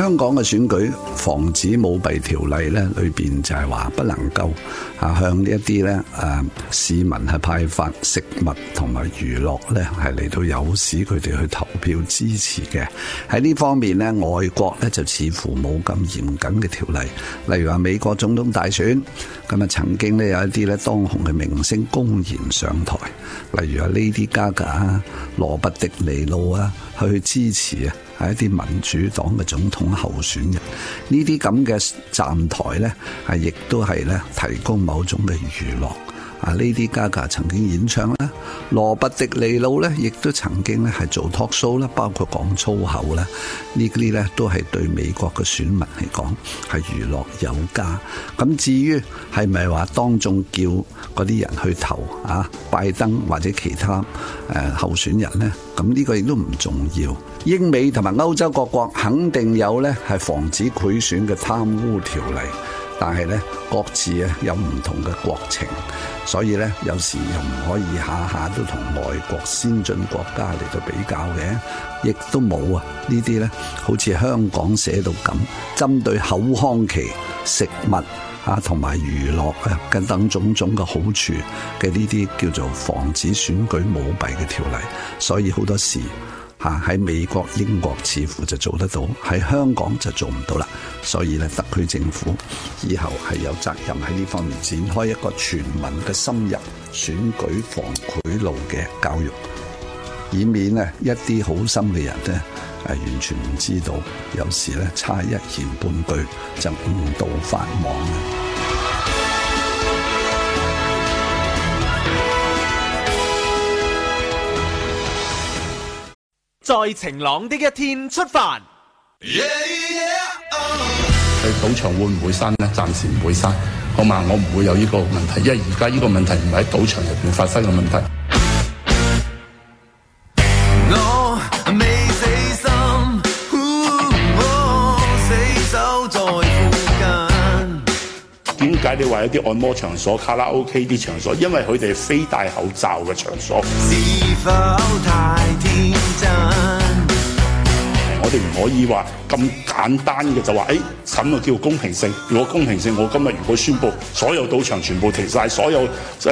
香港嘅選舉防止舞弊條例咧，裏邊就係話不能夠啊向呢一啲咧誒市民係派發食物同埋娛樂咧，係嚟到有使佢哋去投票支持嘅。喺呢方面咧，外國咧就似乎冇咁嚴謹嘅條例。例如話美國總統大選咁啊，曾經咧有一啲咧當紅嘅明星公然上台，例如話 Lady Gaga 啊、羅拔迪尼路啊去支持啊。係一啲民主黨嘅總統候選人，呢啲咁嘅站台呢，係亦都係咧提供某種嘅娛樂。啊，Lady Gaga 曾經演唱啦，羅伯迪尼魯呢，亦都曾經咧係做 talk show 啦，包括講粗口啦，呢啲呢，都係對美國嘅選民嚟講係娛樂有加。咁至於係咪話當眾叫嗰啲人去投啊拜登或者其他候選人呢？咁呢個亦都唔重要。英美同埋歐洲各國肯定有防止賄選嘅貪污條例，但係呢各自啊有唔同嘅國情，所以呢有時又唔可以下下都同外國先進國家嚟到比較嘅，亦都冇啊呢啲呢好似香港寫到咁，針對口腔期食物啊同埋娛樂嘅等等種種嘅好處嘅呢啲叫做防止選舉舞弊嘅條例，所以好多時。吓喺美國、英國似乎就做得到，喺香港就做唔到啦。所以咧，特區政府以後係有責任喺呢方面展開一個全民嘅深入選舉防賄賂嘅教育，以免咧一啲好心嘅人咧完全唔知道，有時咧差一言半句就誤墮法網。在晴朗的一天出發。去賭場會唔會閂呢？暫時唔會閂，好嘛？我唔會有呢個問題，因為而家呢個問題唔係喺賭場入邊發生嘅問題。你話一啲按摩場所、卡拉 OK 啲場所，因為佢哋係非戴口罩嘅場所。是否太天真？我哋唔可以話咁簡單嘅就話，哎，甚麼叫公平性。如果公平性，我今日如果宣布所有賭場全部停晒，所有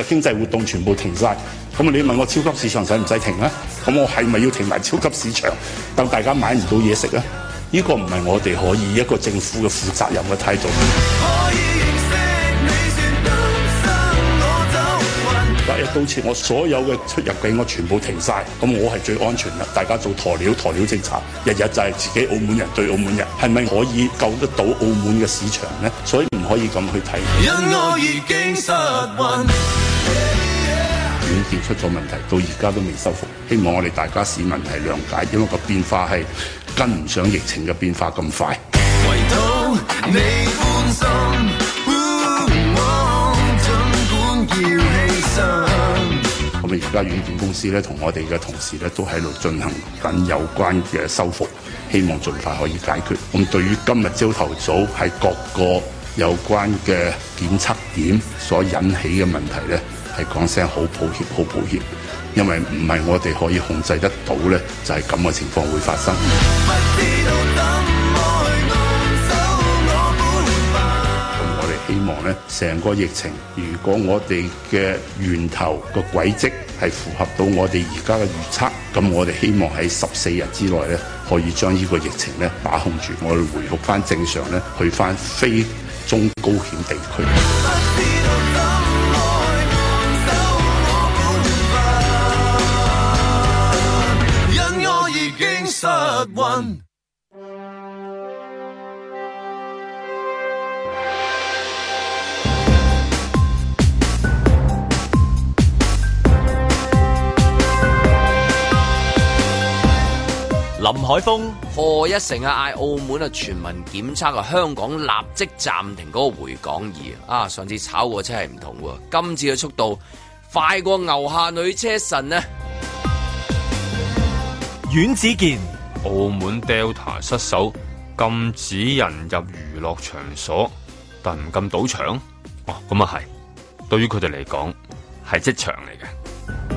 經濟活動全部停晒。咁你問我超級市場使唔使停啊？咁我係咪要停埋超級市場，等大家買唔到嘢食啊？呢個唔係我哋可以一個政府嘅負責任嘅態度。一刀切，我所有嘅出入境我全部停晒，咁我係最安全嘅。大家做鴕鳥，鴕鳥政策，日日就係自己澳門人對澳門人，係咪可以救得到澳門嘅市場咧？所以唔可以咁去睇。因我已經失溫，軟件 出咗問題，到而家都未修復。希望我哋大家市民係諒解，因為個變化係跟唔上疫情嘅變化咁快。唯放心。咁而家軟件公司咧，同我哋嘅同事咧，都喺度進行緊有關嘅修復，希望盡快可以解決。咁對於今日朝頭早喺各個有關嘅檢測點所引起嘅問題咧，係講聲好抱歉，好抱歉，因為唔係我哋可以控制得到咧，就係咁嘅情況會發生。希望呢，成個疫情如果我哋嘅源頭個軌跡係符合到我哋而家嘅預測，咁我哋希望喺十四日之內呢，可以將呢個疫情呢把控住，我哋回復翻正常咧，去翻非中高險地區。 林海峰、何一成啊，嗌澳門啊，全民檢測，啊香港立即暫停嗰個回港易啊！啊，上次炒過車係唔同嘅，今次嘅速度快過牛下女車神呢，啊？阮子健，澳門 Delta 失守，禁止人入娛樂場所，但唔禁賭場哦。咁啊係，對於佢哋嚟講係職場嚟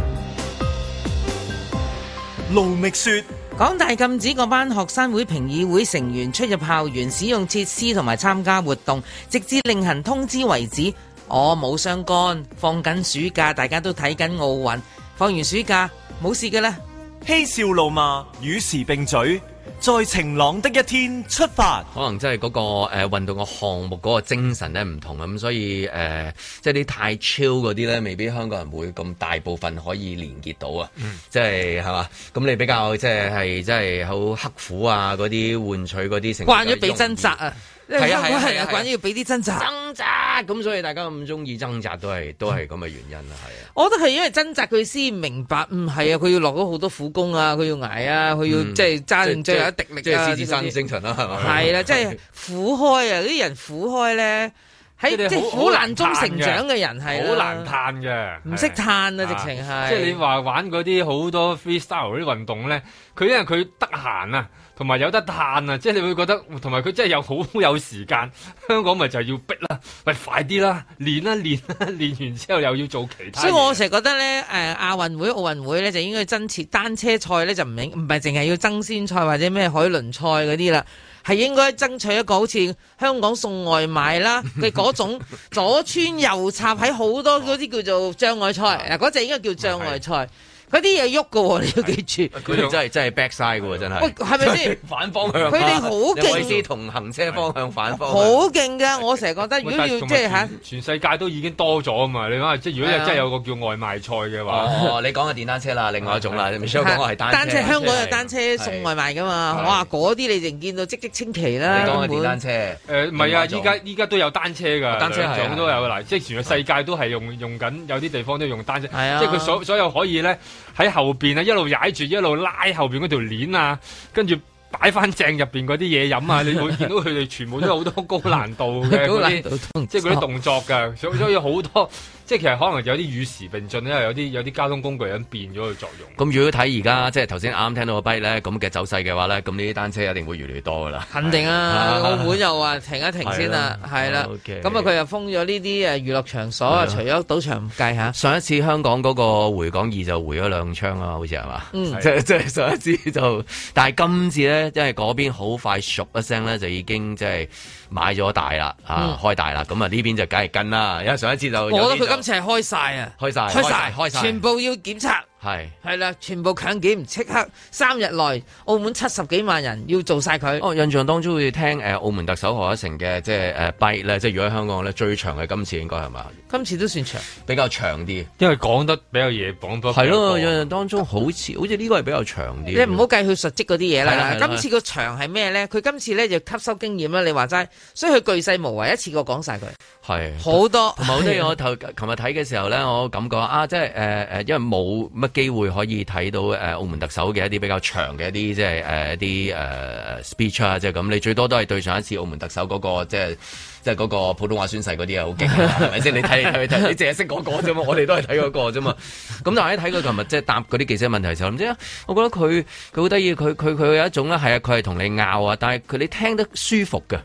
嘅。盧覓雪。港大禁止嗰班學生會評議會成員出入校園、使用設施同埋參加活動，直至另行通知為止。我、哦、冇相干，放緊暑假，大家都睇緊奧運，放完暑假冇事噶啦。嬉笑怒罵，與時並舉。在晴朗的一天出發，可能即係嗰個誒、呃、運動嘅項目嗰個精神咧，唔同咁，所以誒，即係啲太超嗰啲咧，未必香港人會咁大部分可以連結到啊，即係係嘛，咁你比較即係即係好刻苦啊嗰啲換取嗰啲成慣咗畀掙扎啊。係啊，係啊，關鍵要俾啲掙扎，掙扎咁，所以大家咁中意掙扎都係都係咁嘅原因啦，係、yeah。我覺得係因為掙扎佢先明白，唔、嗯、係啊，佢要落咗好多苦功、嗯、是啊，佢要挨啊，佢要即係爭最後一滴力，即係《獅子山下》精神啦，係嘛對。係啦、啊，即係苦開啊！啲人苦開咧，喺即係苦難中成長嘅人係。好難嘆嘅，唔識嘆啊！直情係。啊啊、即係你話玩嗰啲好多 freestyle 嗰啲運動咧，佢因為佢得閒啊。同埋有得嘆啊！即係你會覺得，同埋佢真係有好有時間。香港咪就係要逼啦、啊，喂快啲啦，練啦、啊、練啦、啊，練完之後又要做其他。所以我成日覺得呢，誒、啊、亞運會、奧運會呢，就應該增設單車賽呢，就唔影唔係淨係要爭先賽或者咩海倫賽嗰啲啦，係應該爭取一個好似香港送外賣啦，佢嗰種左穿右插，喺好多嗰啲叫做障礙賽嗰隻應該叫障礙賽。嗰啲嘢喐㗎喎，你要記住，佢哋真係真係 backside 喎，真係。喂，係咪先反方向？佢哋好勁。同行車方向反方。好勁嘅，我成日覺得，如果要即係嚇。全世界都已經多咗啊嘛！你講即係，如果真係有個叫外賣菜嘅話，你講嘅電單車啦，另外一種啦。你想講係單車？香港有單車送外賣嘅嘛？哇！嗰啲你就見到嘖嘖稱奇啦。你講嘅電單車。誒唔係啊！依家依家都有單車㗎，兩種都有嗱，即係全世界都係用用緊，有啲地方都用單車，即係佢所所有可以咧。喺後邊啊，一路踩住，一路拉後邊嗰條鏈啊，跟住擺翻正入邊嗰啲嘢飲啊，你會見到佢哋全部都有好多高難度嘅即係嗰啲動作㗎，就是啊，所所以好多。即係其實可能有啲與時並進咧，有啲有啲交通工具經變咗去作用。咁如果睇而家即係頭先啱聽到個 bike 咧咁嘅走勢嘅話咧，咁呢啲單車一定會越嚟越多噶啦。肯定啊！澳門的、啊、又話停一停先啦、啊，係啦的。咁啊佢又封咗呢啲誒娛樂場所啊，的除咗賭場唔計下。上一次香港嗰個回港易就回咗兩槍啊，好似係嘛？嗯，即係即上一次就，但係今次咧，即係嗰邊好快熟一聲咧，就已經即係買咗大啦啊，開大啦。咁啊呢邊就梗係跟啦，因為上一次就今次係開曬啊！開曬，開曬，開曬，全部要檢查。係，係啦！全部強檢，即刻三日內，澳門七十幾萬人要做晒佢。哦，印象當中會聽誒澳門特首賀一誠嘅即係誒拜咧，即係如果喺香港咧最長嘅今次應該係嘛？今次都算長，比較長啲，因為講得比較嘢，講得係咯。印象當中好似好似呢個係比較長啲。你唔好計佢實績嗰啲嘢啦。今次個長係咩咧？佢今次咧就吸收經驗啦。你話齋，所以佢巨細無遺一次過講晒佢。係好多同埋，我頭琴日睇嘅時候咧，我感覺啊，即係誒誒，因為冇乜。機會可以睇到誒、呃，澳門特首嘅一啲比較長嘅一啲即係誒一啲誒 speech 啊，即係咁。你最多都係對上一次澳門特首嗰、嗰個即係即係嗰個普通話宣誓嗰啲係好勁嘅，係咪先？你睇睇睇，你淨係識講講啫嘛， 我哋都係睇嗰個啫嘛。咁 但係睇佢尋日即係答嗰啲記者問題嘅時候，唔知啊，我覺得佢佢好得意，佢佢佢有一種咧係啊，佢係同你拗啊，但係佢你聽得舒服嘅。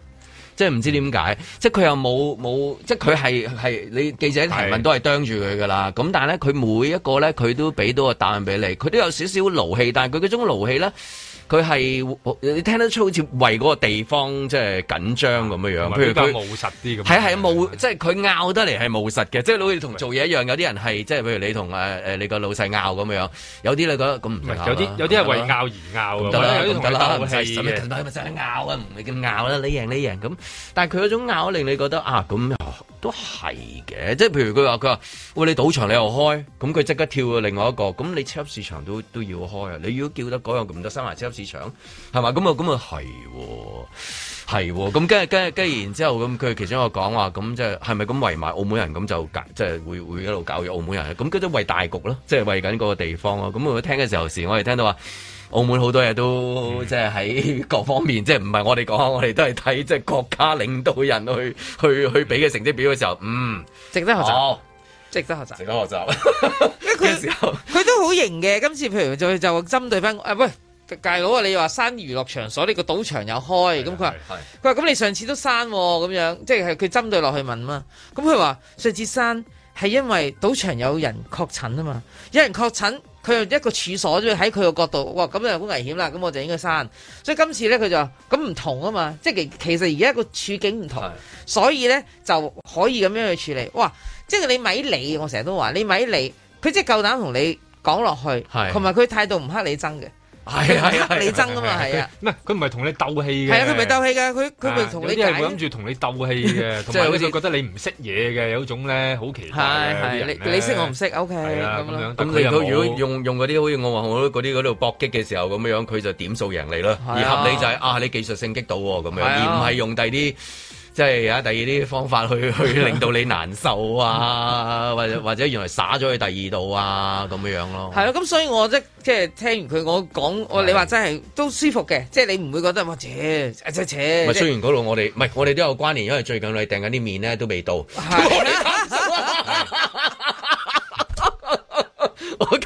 即係唔知點解，即係佢又冇冇，即係佢係係你記者提問都係啄住佢㗎啦。咁是的 但係咧，佢每一個咧，佢都俾到個答案俾你，佢都有少少勞氣，但係佢嗰種勞氣咧。佢係你聽得出好似為嗰個地方即係緊張咁樣樣，譬如佢，係係冇即係佢拗得嚟係冇實嘅，即係好似同做嘢一樣。有啲人係即係譬如你同誒誒你個老細拗咁樣，有啲你覺得咁唔係，有啲有啲係為拗而拗，有啲係爭氣係拗啊？唔係咁拗啦，你贏你贏咁。但係佢有種拗令你覺得啊，咁都係嘅。即係譬如佢話佢話，喂，你賭場你又開，咁佢即刻跳去另外一個，咁你車市場都都要開啊。你如果叫得嗰樣咁多新車市場係嘛，咁啊咁啊係係咁，跟跟跟然之後，咁佢其中一個講話咁，即係係咪咁圍埋澳門人，咁就即係會會一路搞澳門人，咁都為大局咯，即係為緊嗰個地方咯。咁我聽嘅時候時我哋聽到話澳門好多嘢都，嗯、即係喺各方面，即係唔係我哋講，我哋都係睇，即係國家領導人去去去俾嘅成績表嘅時候，嗯，值得學習，哦，值得學習，值得學習。佢都好型嘅今次，譬如，就就針對翻喂，啊大佬啊！你話刪娛樂場所，呢個賭場又開咁，佢話佢話咁你上次都刪咁、哦、樣，即係佢針對落去問嘛？咁佢話上次刪係因為賭場有人確診啊嘛，有人確診佢又一個處所啫，喺佢個角度哇，咁就好危險啦，咁我就應該刪。所以今次呢，佢就話咁唔同啊嘛，即係其實而家個處境唔同，的所以呢，就可以咁樣去處理。哇！即係你咪理，我成日都話你咪理，佢即係夠膽同你講落去，同埋佢態度唔黑你憎嘅。係啊，係啊，你爭啊嘛，係啊。咩？佢唔係同你鬥氣嘅。係啊，佢唔係鬥氣嘅，佢佢唔係同你，有啲人會諗住同你鬥氣嘅，即係好似覺得你唔識嘢嘅，有種咧好奇怪，係你你識我唔識，OK，咁樣。咁佢如果用用嗰啲好似我話我嗰啲嗰度搏擊嘅時候咁樣樣，佢就點數贏你啦。而合理就係啊，你技術性擊倒喎咁樣，而唔係用第啲。即係有第二啲方法去去令到你難受啊。 或者或者原來灑咗去第二度啊，咁樣樣咯。係啊，咁所以我即即係聽完佢我講，我的你話真係都舒服嘅，即係你唔會覺得我扯啊扯扯。咪不是雖然嗰度我哋唔係我哋都有關聯，因為最近你訂訂緊啲麵咧都未到。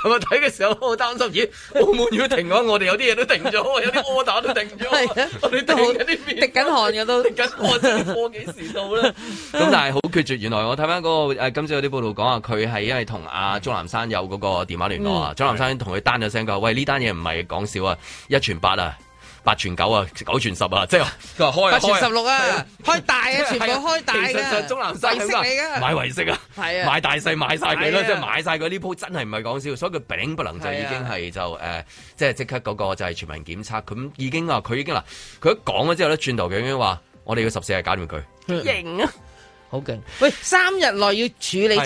我睇嘅時候，哎，我擔心咦，澳門如果停咗，我哋有啲嘢都停咗，有啲柯打都停咗。 的我哋啲好滴緊汗嘅都滴，滴緊汗，滴汗，科技時到啦過幾時到。咁 但係好決絕。原來我睇翻嗰個今朝有啲報道講話，佢係因為同阿鍾南山有嗰個電話聯絡啊。鍾、嗯、南山同佢單咗聲講：的喂，呢單嘢唔係講笑啊，一傳八啊！八全九啊，九全十啊，即係佢話開八全十六啊，開大啊，全部開大啊，中南西嚟噶，買維式啊，係啊，買大細買晒俾啦，即係買晒佢呢鋪真係唔係講笑，所以佢餅不能就已經係就誒，即係即刻嗰個就係全民檢測，咁已經話佢已經嗱，佢一講咗之後咧，轉頭佢已經話我哋要十四日搞掂佢，型啊！好勁！喂，三日內要處理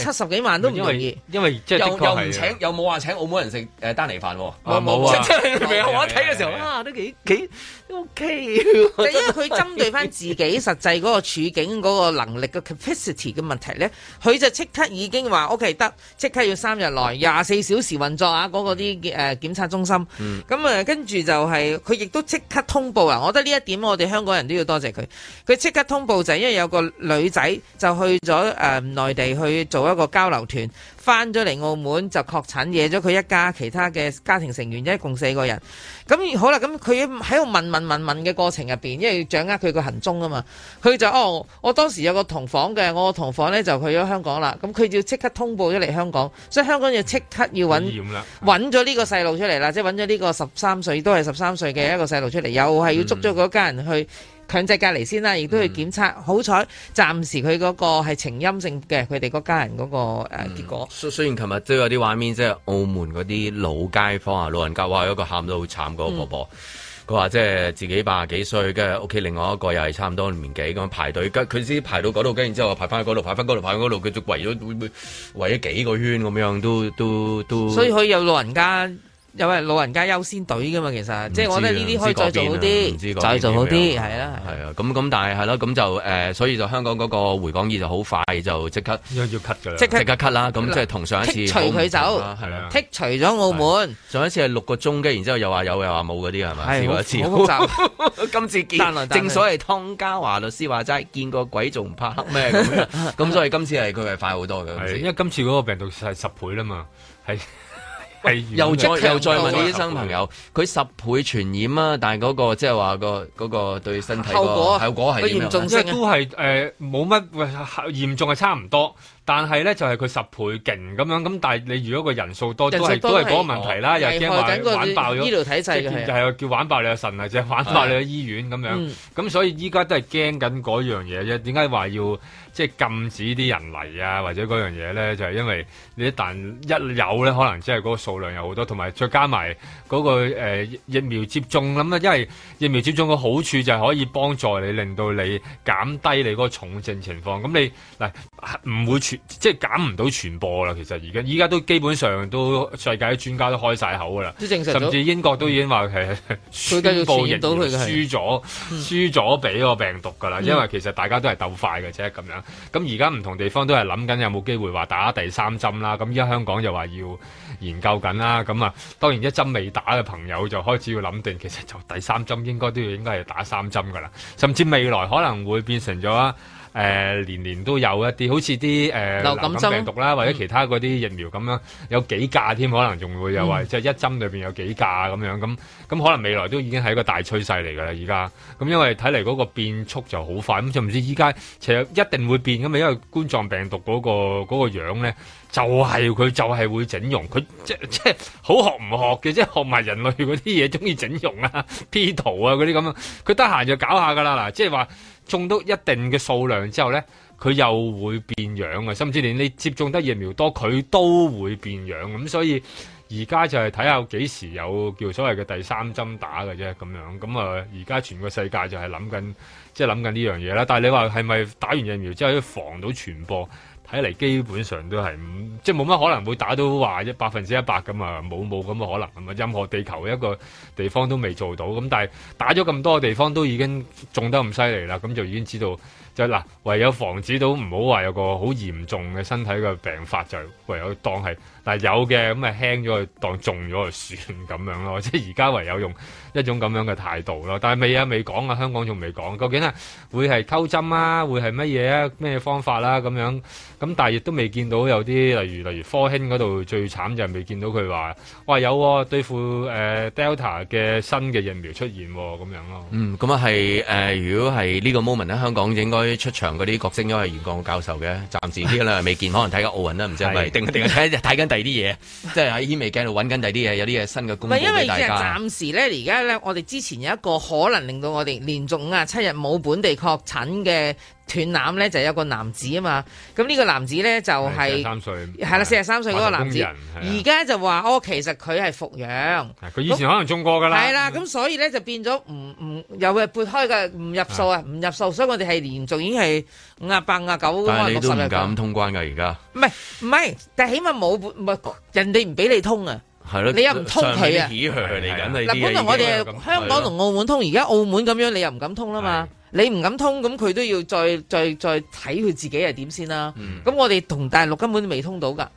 七十幾萬都唔容易，哎、因為，因為即又又唔請又冇話請澳門人食誒丹尼飯喎，啊，冇即真係明我睇嘅時候，啊，啊，啊，啊都幾幾～O、okay, K，因為佢針對翻自己實際嗰個處境嗰個能力嘅 capacity 嘅問題呢，佢就即刻已經話 O K 得，即、okay, 刻要三日內廿四小時運作下，啊、嗰、那個啲誒檢測中心。嗯，咁啊、就是，跟住就係佢亦都即刻通報啊！我覺得呢一點我哋香港人都要多謝佢。佢即刻通報就係因為有個女仔就去咗誒、呃、內地去做一個交流團，翻咗嚟澳門就確診，惹咗佢一家其他嘅家庭成員，一共四個人。咁好啦，咁佢喺度問問。問問嘅過程入邊，因為要掌握佢個行蹤啊嘛。佢就哦，我當時有個同房嘅，我個同房咧就去咗香港啦。咁佢就即刻通報咗嚟香港，所以香港就即刻要搵，揾咗呢個細路出嚟啦，即係搵咗呢個十三歲都係十三歲嘅一個細路出嚟，又係要捉咗嗰家人去強制隔離先啦，亦都要檢測。嗯、好彩，暫時佢嗰個係呈陰性嘅，佢哋嗰家人嗰個誒結果。嗯、雖然琴日都有啲畫面，即係澳門嗰啲老街坊啊，老人家話，有一個喊得好慘嗰個婆婆。嗯佢話：即係自己八十幾歲，跟住屋企另外一個又係差唔多年紀咁樣排隊，跟佢先排到嗰度，跟然之後排翻去嗰度，排翻嗰度，排翻嗰度，佢就圍咗，圍咗幾個圈咁樣，都都都。都所以佢有老人家。有位老人家優先隊㗎嘛，其實即係我覺得呢啲可以再做好啲，再做好啲係啊，咁咁但係係咯，咁就誒，所以就香港嗰個回港易就好快就即刻，要咳啦即刻即刻咳啦。咁即係同上一次剔除佢走，剔除咗澳門。上一次係六個鐘嘅，然之後又話有又話冇嗰啲係嘛？試過一次，今次見正所謂湯家華律師話齋，見個鬼仲唔怕黑咩？咁所以今次係佢係快好多嘅，因為今次嗰個病毒係十倍啦嘛，又再又再問啲醫生朋友，佢十倍傳染啊，但係、嗰、嗰個即係話個嗰、嗰個對身體效果效果係點嚴重即、就、係、係、都係誒冇乜，嚴重係差唔多。但係咧，就係、是、佢十倍勁咁樣咁，但係你如果個人數多，都係都係嗰個問題啦，我又驚玩爆咗醫療體制係叫玩爆你個腎或者係玩爆你個醫院咁的樣。咁、嗯嗯、所以依家都係驚緊嗰樣嘢啫。點解話要即係禁止啲人嚟啊？或者嗰樣嘢咧，就係、是、因為你一旦一有咧，可能即係嗰個數量有好多，同埋再加埋嗰、那個、呃、疫苗接種。咁啊，因為疫苗接種嘅好處就係可以幫助你，令到你減低你嗰個重症情況。咁你嗱唔會即係減唔到傳播啦，其實而家、依家都基本上都世界啲專家都開晒口噶啦，甚至英國都已經話係傳播型輸咗輸咗俾個病毒噶啦，因為其實大家都係鬥快嘅啫咁樣。咁而家唔同地方都係諗緊有冇機會話打第三針啦。咁依家香港又話要研究緊啦。咁啊，當然一針未打嘅朋友就開始要諗定，其實就第三針應該都要應該係打三針噶啦，甚至未來可能會變成咗。誒年年都有一啲，好似啲誒流感病毒啦，或者其他嗰啲疫苗咁樣，嗯、有幾架添，可能仲會有，話即係一針裏邊有幾架咁樣咁，咁可能未來都已經係一個大趨勢嚟㗎啦。而家咁因為睇嚟嗰個變速就好快，咁就唔知依家其實一定會變咁嘛。因為冠狀病毒嗰個嗰個樣咧，就係佢就係會整容，佢即即係好學唔學嘅，即係學埋人類嗰啲嘢，中意整容啊、P 圖啊嗰啲咁樣佢得閒就搞下㗎啦嗱，即係話。種到一定嘅數量之後呢，佢又會變樣啊！甚至連你接種得疫苗多，佢都會變樣。咁所以而家就係睇下幾時有叫所謂嘅第三針打嘅啫咁樣。咁啊，而家全個世界就係諗緊，即係諗緊呢樣嘢啦。但係你話係咪打完疫苗之後防到傳播？睇嚟基本上都係唔，即係冇乜可能會打到話一百分之一百咁啊，冇冇咁嘅可能，咁啊任何地球一個地方都未做到，咁但係打咗咁多個地方都已經種得咁犀利啦，咁就已經知道。就嗱，唯有防止到唔好話有個好嚴重嘅身體嘅病發，就唯有當係嗱有嘅咁，啊輕咗去當中咗就算咁樣咯。即係而家唯有用一種咁樣嘅態度咯。但係未啊未講啊，香港仲未講究竟啊會係溝針啊，會係乜嘢啊咩方法啦、啊、咁樣咁，但係亦都未見到有啲例如例如科興嗰度最慘就係未見到佢話哇有、哦、對付誒、呃、Delta 嘅新嘅疫苗出現咁、哦、樣咯。嗯，咁啊係誒如果係呢個 moment 咧，香港應該。出場嗰啲角色都係元剛教授嘅，暫時呢兩日未見， 可能睇緊奧運啦，唔知係咪的定定睇睇緊第二啲嘢， 即係喺顯微鏡度揾緊第二啲嘢，有啲嘢新嘅公布俾大家。暫時咧，而家咧，我哋之前有一個可能令到我哋連續五啊七日冇本地確診嘅。斷纜咧就有個男子啊嘛，咁呢個男子咧就係，係啦四十三歲嗰個男子，而家就話哦，其實佢係服藥，佢以前可能中過噶啦，係啦，咁所以咧就變咗唔唔又係撥開嘅，唔入數啊，唔入數，所以我哋係連續已經係五啊八啊九咁六啊你都唔敢通關噶而家，唔係唔係，但起碼冇唔係人哋唔俾你通啊，係咯，你又唔通佢啊，嗱，本來我哋香港同澳門通，而家澳門咁樣，你又唔敢通啦嘛。你唔敢通，咁佢都要再再再睇佢自己係點先啦。咁、嗯、我哋同大陸根本未通到噶，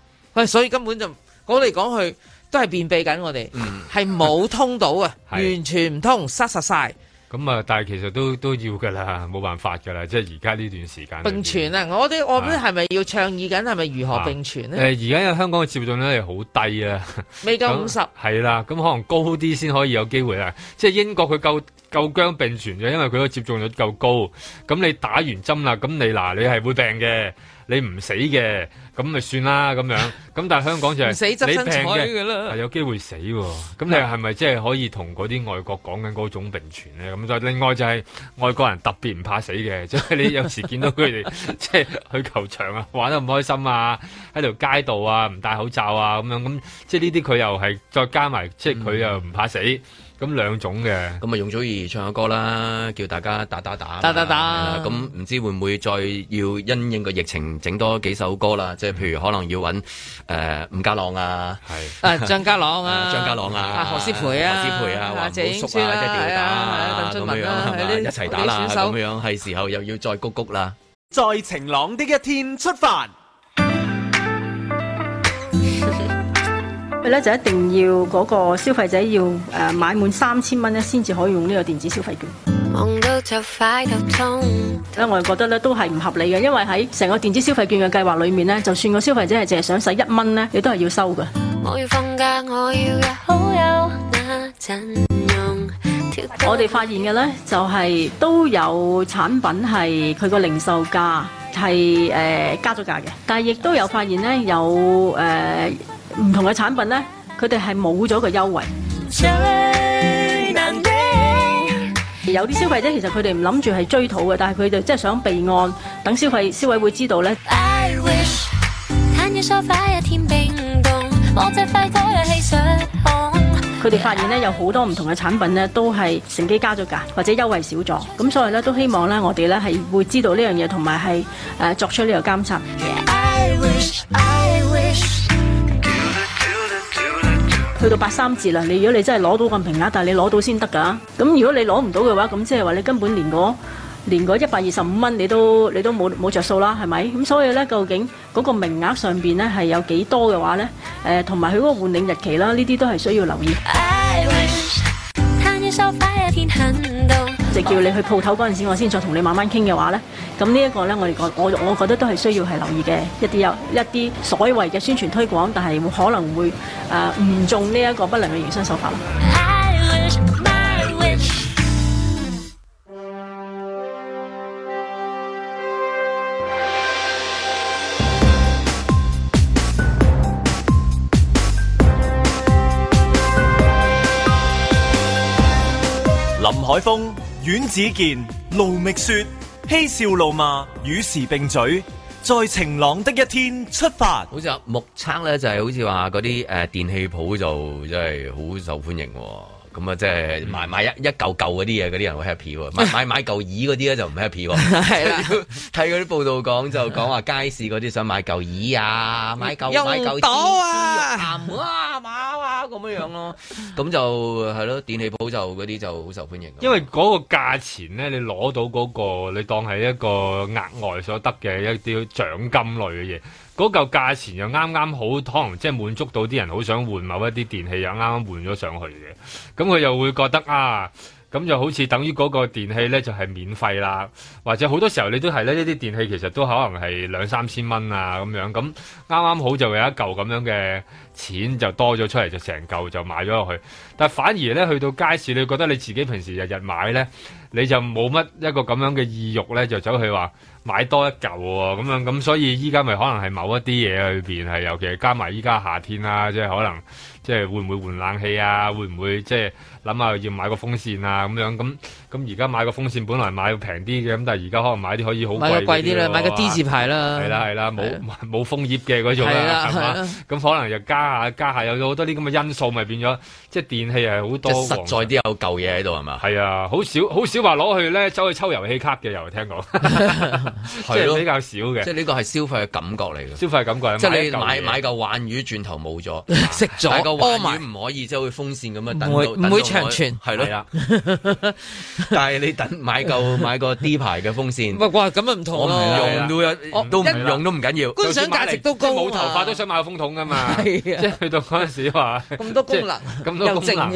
所以根本就講嚟講去都係便秘緊。我哋係冇通到啊，的完全唔通，塞實晒。咁啊、嗯！但係其實都都要噶啦，冇辦法噶啦，即係而家呢段時間並存啊！我哋我哋係咪要倡議緊，係咪如何並存咧？而家、啊呃、香港嘅接種率係好低啊，未夠五十。係啦、嗯，咁可能高啲先可以有機會啊！即係英國佢夠夠僵並存嘅，因為佢個接種率夠高。咁你打完針啦，咁你嗱你係會病嘅。你唔死嘅，咁咪算啦，咁樣，咁但係香港就係唔 死嘅啦，係有機會死喎。咁你係咪即係可以同嗰啲外國講緊嗰種並存咧？咁再另外就係外國人特別唔怕死嘅，即係 你有時見到佢哋即係去球場啊，玩得唔開心啊，喺條街道啊，唔戴口罩啊咁樣。咁即係呢啲佢又係再加埋，即係佢又唔怕死。嗯咁兩種嘅，咁啊容祖兒唱下歌啦，叫大家打打打，打打打，咁唔知會唔會再要因應個疫情整多幾首歌啦？即係譬如可能要搵伍家朗啊，係張家朗啊，張家朗啊，何詩蓓啊，何詩蓓啊，或者寶叔啊，或者點打？咁樣係咪一齊打啦？咁樣係時候又要再谷谷啦！在晴朗的一天出發。咧就一定要嗰個消費者要誒買滿三千蚊咧，先至可以用呢個電子消費券。咧，我就覺得咧都係唔合理嘅，因為喺成個電子消費券嘅計劃裏面咧，就算個消費者係淨係想使一蚊咧，你都係要收嘅。我哋發現嘅咧，就係都有產品係佢個零售價係誒加咗價嘅，但係亦都有發現咧有誒。唔同嘅產品咧，佢哋係冇咗個優惠。最難有啲消費者其實佢哋唔諗住係追討嘅，但係佢哋即係想備案，等消費消委會知道咧。佢哋 Yeah, I 發現咧有好多唔同嘅產品咧都係乘機加咗價，或者優惠少咗。咁所以咧都希望咧我哋咧係會知道呢樣嘢，同埋係誒作出呢個監察。Yeah, I wish, I wish, 去到八三折啦！你如果你真係攞到個名額，但係你攞到先得㗎。咁如果你攞唔到嘅話，咁即係話你根本連嗰連嗰一百二十五蚊你都你都冇冇著數啦，係咪？咁所以咧，究竟嗰個名額上邊咧係有幾多嘅話咧？誒，同埋佢嗰個換領日期啦，呢啲都係需要留意。就叫你去鋪頭嗰陣時，我先再同你慢慢傾嘅話呢，咁呢一個呢，我哋講，我我覺得都係需要係留意嘅一啲有一啲所謂嘅宣傳推廣，但係可能會誒唔、呃、中呢一個不良嘅營商手法。林海峰。阮子健、盧覓雪，嬉笑怒罵與時並嘴，在晴朗的一天出發。好似目測呢就係、是、好似話嗰啲誒電器鋪就真係好受歡迎、啊。咁啊，即係、嗯、買，買一一嚿嚿嗰啲嘢，嗰啲人好 happy 喎。買買買嚿椅嗰啲咧就唔 happy 喎。係啦 的，睇嗰啲報道講就講話街市嗰啲想買嚿椅啊，買嚿買嚿鐵鐵閘門啊、馬啊咁、 啊啊啊、樣啊 樣咯。咁就係咯，電器鋪就嗰啲就好受歡迎。因為嗰個價錢咧，你攞到嗰、嗰個，你當係一個額外所得嘅一啲獎金類嘅嘢。嗰嚿價錢又啱啱好，可能即係滿足到啲人好想換某一啲電器，又啱啱換咗上去嘅，咁佢又會覺得啊，咁就好似等於嗰個電器呢就係免費啦，或者好多時候你都係呢啲電器其實都可能係兩三千蚊啊咁樣，咁啱啱好就有一嚿咁樣嘅錢就多咗出嚟，就成嚿就買咗落去。但反而呢，去到街市，你覺得你自己平時日日買呢。你就冇乜一個咁樣嘅意欲咧，就走去話買多一嚿喎咁樣，咁所以依家咪可能係某一啲嘢裏邊，係，尤其係加埋依家夏天啦、啊，即係可能即係會唔會換冷氣啊？會唔會即係？諗下要買個風扇啊，咁樣咁，咁而家買個風扇本來買平啲嘅，咁但係而家可能買啲可以好貴啲嘅，買個貴啲啦，買個 D 字牌啦，係啦係啦，冇冇風葉嘅嗰種，咁可能就加下加下有好多啲咁嘅因素，咪變咗即係電器係好多。即實在啲有舊嘢喺度係嘛？係啊，好少好少話攞去咧，走去抽遊戲卡嘅又聽講，即係比較少嘅。即係呢個係消費嘅感覺嚟嘅，消費嘅感覺，即係你買買嚿幻魚轉頭冇咗，食咗，個幻魚唔可以即係好似風扇咁啊，等係咯，但係你等買夠買個 D 牌嘅風扇，唔哇咁唔同我用都用都唔用都唔緊要，觀賞價值都高，冇頭髮都想買個風筒噶嘛，即係去到嗰陣時話咁多功能，咁多功能，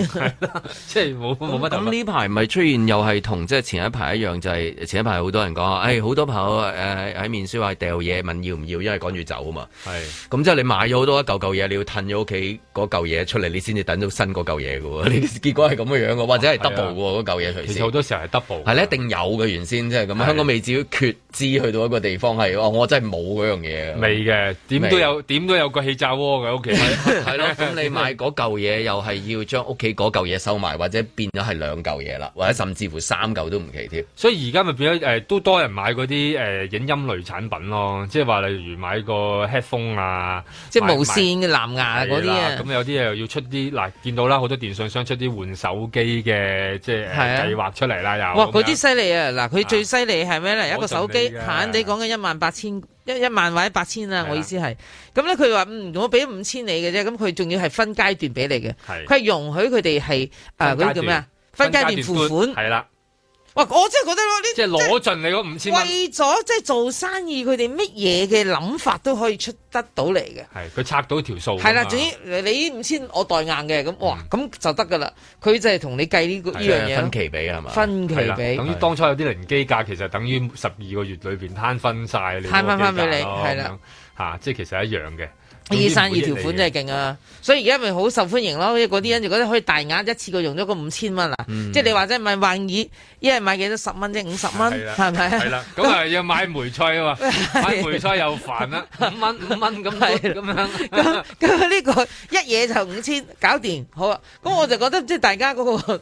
即係冇冇乜。咁呢排咪出現又係同即係前一排一樣，就係前一排好多人講，誒好多朋友誒喺面書話掉嘢問要唔要，因為趕住走啊嘛。係咁即係你買咗好多一嚿嚿嘢，你要褪咗屋企嗰嚿嘢出嚟，你先至等到新嗰嚿嘢噶喎，你結果。係咁嘅樣嘅，或者係 double 嘅喎，嗰嚿嘢，其實好多時候係 double。係一定有嘅原先即係咁。的香港未至於缺資，去到一個地方係哦，我真係冇嗰樣嘢。未嘅，點都有點都有個氣炸鍋嘅屋企。係咯，咁你買嗰嚿嘢又係要將屋企嗰嚿嘢收埋，或者變咗係兩嚿嘢啦，或者甚至乎三嚿都唔奇添。所以而家咪變咗誒、呃，都多人買嗰啲誒影音類產品咯，即係話例如買個 headphone 啊，即係無線嘅藍牙嗰啲啊。咁有啲又要出啲嗱，見到啦，好多電信商出啲換。手機嘅即係計劃出嚟啦，又哇，啲犀利啊！嗱，佢最犀利係咩咧？一個手機慳哋講緊一萬八千，一一萬或者八千啦。啊、我意思係，咁咧佢話嗯，我俾五千你嘅啫，咁佢仲要係分階段俾你嘅，佢係容許佢哋係誒嗰啲叫咩啊？分階段付款係啦。哇！我真係覺得咯，呢即係攞盡你嗰五千，為咗即係做生意，佢哋乜嘢嘅諗法都可以出得到嚟嘅。係佢拆到條數。係啦，總之你五千我代硬嘅，咁哇咁、嗯、就得噶啦。佢就係同你計呢、呢個呢的樣嘢分期俾係嘛，分期俾等於當初有啲零基價，其實等於十二個月裏邊攤分晒你。攤分翻俾你係啦，吓即係其實係一樣嘅。二三二條款真係勁啊，所以而家咪好受歡迎咯。嗰啲人就覺得可以大額一次過用咗個五千蚊啊，即係你話齋買萬二，一人買幾多十蚊啫，五十蚊係咪啊？係啦，咁啊要買梅菜啊嘛，買梅菜又煩啦，五蚊五蚊咁咁樣，咁咁呢個一嘢就五千搞掂，好啊。咁我就覺得即係大家嗰個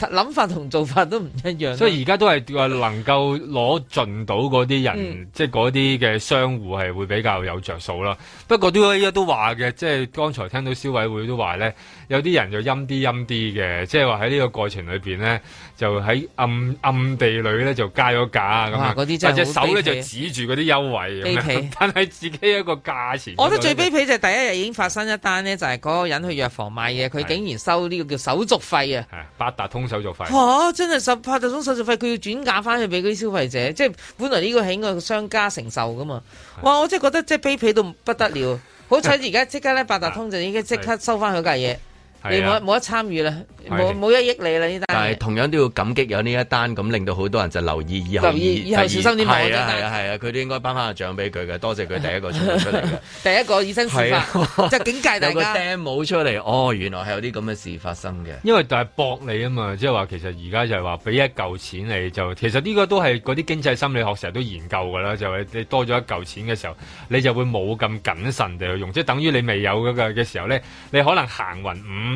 諗法同做法都唔一樣。所以而家都係話能夠攞盡到嗰啲人，即係嗰啲嘅商戶係會比較有着數啦。不過都係。都話嘅，即係剛才聽到消委會都話咧，有啲人就陰啲陰啲嘅，即係話喺呢個過程裏邊咧，就喺暗暗地裏咧就加咗價咁啊，嗰啲真隻手咧就指住嗰啲優惠，卑鄙，但係自己一個價錢。我覺得最卑鄙就係第一日已經發生一單咧，就係嗰個人去藥房買嘢，佢竟然收呢個叫手續費啊，八達通手續費。嘩，真係十八達通手續費，佢要轉嫁翻去俾嗰啲消費者，即係本來呢個係應該商家承受噶嘛。哇，我真係覺得即係卑鄙到不得了。 好彩而家即刻咧，八達通就已經即刻收返佢架嘢。 啊、你冇得參與啦，冇冇的一億你啦呢單。但係同樣都要感激有呢一單咁，令到好多人就留意以後以。留意以後小心啲買二。係二啊，係啊，佢、啊啊啊、都應該頒翻個獎俾佢嘅，多謝佢第一個出嚟 第一個以身試法，即係、啊、警戒大家。有帽出嚟，哦，原來係有啲咁嘅事發生嘅。因為就係搏你啊嘛，即係話其實而家就係話俾一嚿錢你就，就其實呢個都係嗰啲經濟心理學成日都研究㗎啦。就係、是、你多咗一嚿錢嘅時候，你就會冇咁謹慎地去用，即係等於你未有嗰嘅時候咧，你可能行運五。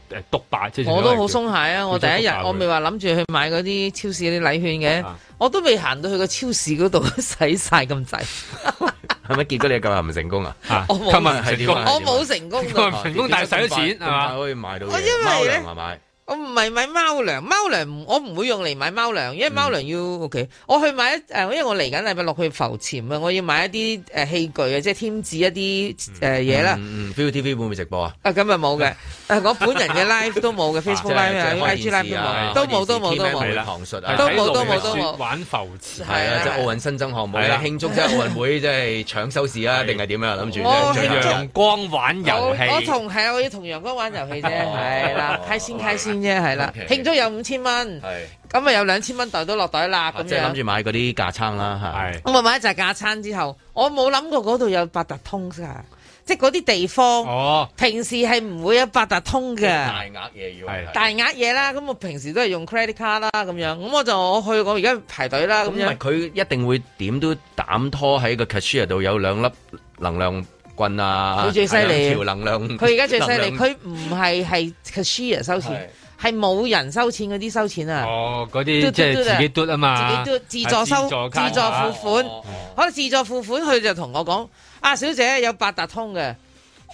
誒毒霸，我都好鬆懈啊！我第一日我未話諗住去買嗰啲超市啲禮券嘅，我都未行到去個超市嗰度使晒咁滯，係咪結果你今日唔成功啊？今日係我冇成功嘅，成功但係使咗錢啊嘛，可以買到，買又唔係買。我唔係買貓糧，貓糧我唔會用嚟買貓糧，因為貓糧要 OK。我去買一誒，因為我嚟緊禮拜六去浮潛啊？我要買一啲誒器具啊，即係添置一啲誒嘢啦。嗯嗯。ViuTV 會唔會直播啊？啊，今日冇嘅，我本人嘅 live 都冇嘅，Facebook live 都 IG live 都冇，都冇，都冇。都冇，都冇，都冇。玩浮潛係啊！即係奧運新增項目慶祝即係奧運會，即係搶收視啊，定係點啊？諗住。陽光玩遊戲。我同係我要同陽光玩遊戲啫，係啦，開先開啫係啦，慶祝有五千蚊，咁咪有兩千蚊袋都落袋啦。咁即係諗住買嗰啲架撐啦，嚇。我咪買一隻架撐之後，我冇諗過嗰度有八達通噶，即係嗰啲地方。平時係唔會有八達通嘅，大額嘢要大額嘢啦，咁我平時都係用 credit card 啦咁樣。咁我就我去我而家排隊啦咁樣。佢一定會點都膽拖喺個 cashier 度有兩粒能量棍啊！佢最犀利，條能量佢而家最犀利，佢唔係係 cashier 收錢。係冇人收錢嗰啲收錢啊。哦，嗰啲即係自己嘟啊嘛，自己嘟自助收自助付款，可能自助付款佢就同我講啊，小姐有八達通嘅。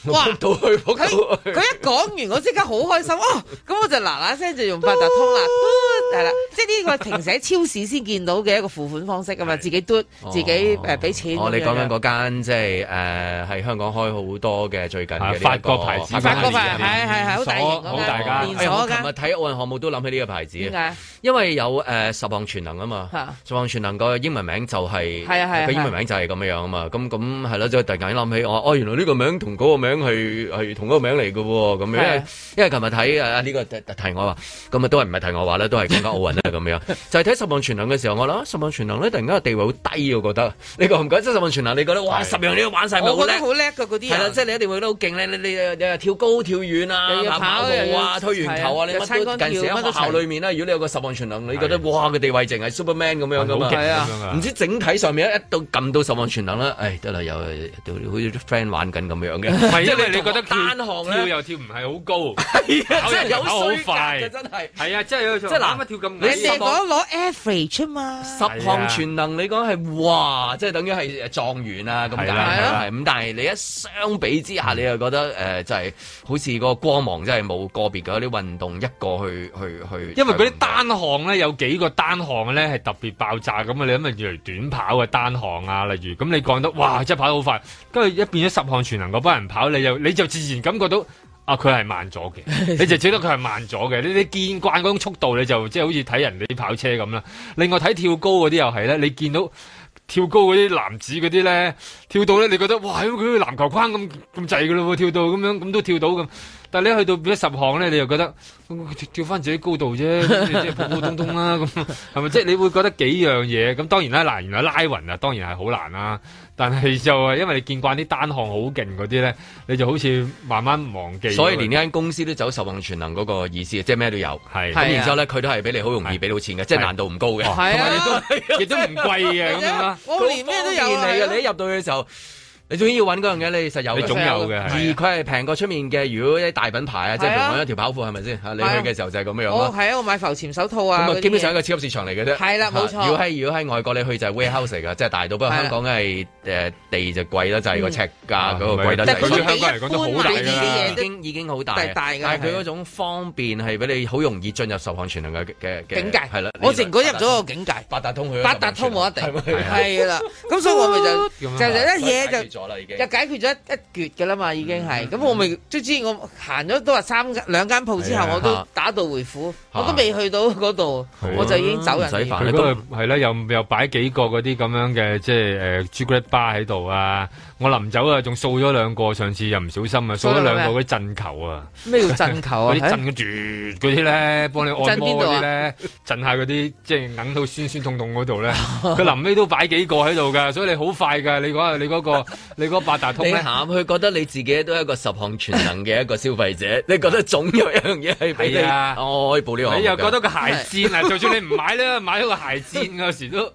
哇，到去我佢佢一講完，我即刻好開心哦！咁我就嗱嗱聲就用八達通啦，嘟，係啦，即係呢個停寫超市先見到嘅一個付款方式啊嘛，自己嘟，自己誒俾錢。我哋講緊嗰間即係誒喺香港開好多嘅最近嘅法國牌子，法國牌係係好大嘅，大家係琴日睇奧運項目都諗起呢個牌子因為有誒十項全能啊嘛，十項全能個英文名就係係係佢英文名就係咁樣樣啊嘛，咁咁係啦，就突然間諗起哦，原來呢個名同嗰個名。名係係同一個名嚟嘅喎，咁樣，因為琴日睇啊呢個題外話，咁啊都係唔係題外話咧，都係講緊奧運咧咁樣，就係睇十項全能嘅時候，我諗十項全能咧，突然間個地位好低，我覺得，你覺唔覺？即係十項全能，你覺得哇，十樣你都玩晒冇？我覺得好叻噶嗰啲，係啦，即係你一定會覺得好勁叻，你你你又跳高跳遠啊，爬跑步啊，推完球啊，你乜都近時喺學校裏面啦。如果你有個十項全能，你覺得哇，個地位淨係 Superman 咁樣噶嘛，係啊，唔知整體上面一到撳到十項全能咧，誒，得啦，又好似啲 friend 玩緊咁樣嘅。即係你，你覺得單項咧又跳唔係好高，跑又有好快，真係係啊！即係即係跳咁矮。你係講攞 average 嘛？十項全能你講係哇！即係等於係誒狀元啊咁解咁，但係你一相比之下，嗯、你又覺得誒就係好似個光芒真係冇個別嗰啲運動一個去去去，去因為嗰啲單項咧有幾個單項咧係特別爆炸咁啊！你諗啊，例如短跑嘅單項啊，例如咁你講得哇！即係跑得好快，跟住一變咗十項全能嗰班人跑。你就你就自然感覺到啊，佢係慢咗嘅， 你就覺得佢係慢咗嘅。你你見慣嗰種速度，你就即係好似睇人哋啲跑車咁啦。另外睇跳高嗰啲又係咧，你見到跳高嗰啲男子嗰啲咧，跳到咧，你覺得哇，佢好似籃球框咁咁滯㗎喇喎，跳到咁樣咁都跳到咁。你去到十項咧，你就覺得跳翻自己高度啫，即普普通通啦。咁係咪即你會覺得幾樣嘢？咁當然啦，嗱，原來拉勻啊，當然係好難啦。但係就係因為你見慣啲單項好勁嗰啲咧，你就好似慢慢忘記。所以連呢間公司都走十項全能嗰個意思，即係咩都有。然之後佢都係俾你好容易俾到錢嘅，即係難度唔高嘅，同埋亦都唔貴嘅。我連咩都有。你一入到去嘅時候。你仲要揾嗰樣嘢，你實有總有嘅，而佢係平過出面嘅，如果啲大品牌啊，即係同買一條跑褲係咪先？你去嘅時候就係咁樣樣咯。係啊，我買浮潛手套啊。基本上一個超級市場嚟嘅啫。係啦，冇錯。如果喺外國你去就 warehouse 嚟噶，即係大到不過香港係誒地就貴啦，就係個尺價咁貴得即係佢香港嚟講都好大。呢啲嘢已經已經好大。但係佢嗰種方便係俾你好容易進入十項全能嘅境界。係啦，我成個入咗個境界。八達通八達通冇一定。係啦，咁所以我咪就就一嘢就。就解決咗一一橛㗎喇嘛，已經係咁，嗯嗯、我咪，即之前我行咗都話三兩間鋪之後，啊、我都打道回府，啊、我都未去到嗰度，啊、我就已經走人。唔使煩。佢、啊、都係係啦，又又擺幾個嗰啲咁樣嘅即係誒朱古力吧喺度啊。我臨走啊，仲掃咗兩個，上次又唔小心啊，掃咗兩個嗰啲震球啊，咩叫震球啊？嗰啲震住，嗰啲咧幫你按摩嗰啲咧，震、啊、下嗰啲，即係硬到酸酸痛痛嗰度咧。佢臨 尾都擺幾個喺度噶，所以你好快噶。你講下你嗰個，你嗰、嗰個、 八達通咧，佢覺得你自己都係一個十項全能嘅一個消費者， 你覺得總有一樣嘢係，係啊，我可以報呢項。你又覺得個鞋墊啊， 就算你唔買咧，買咗個鞋墊有時都。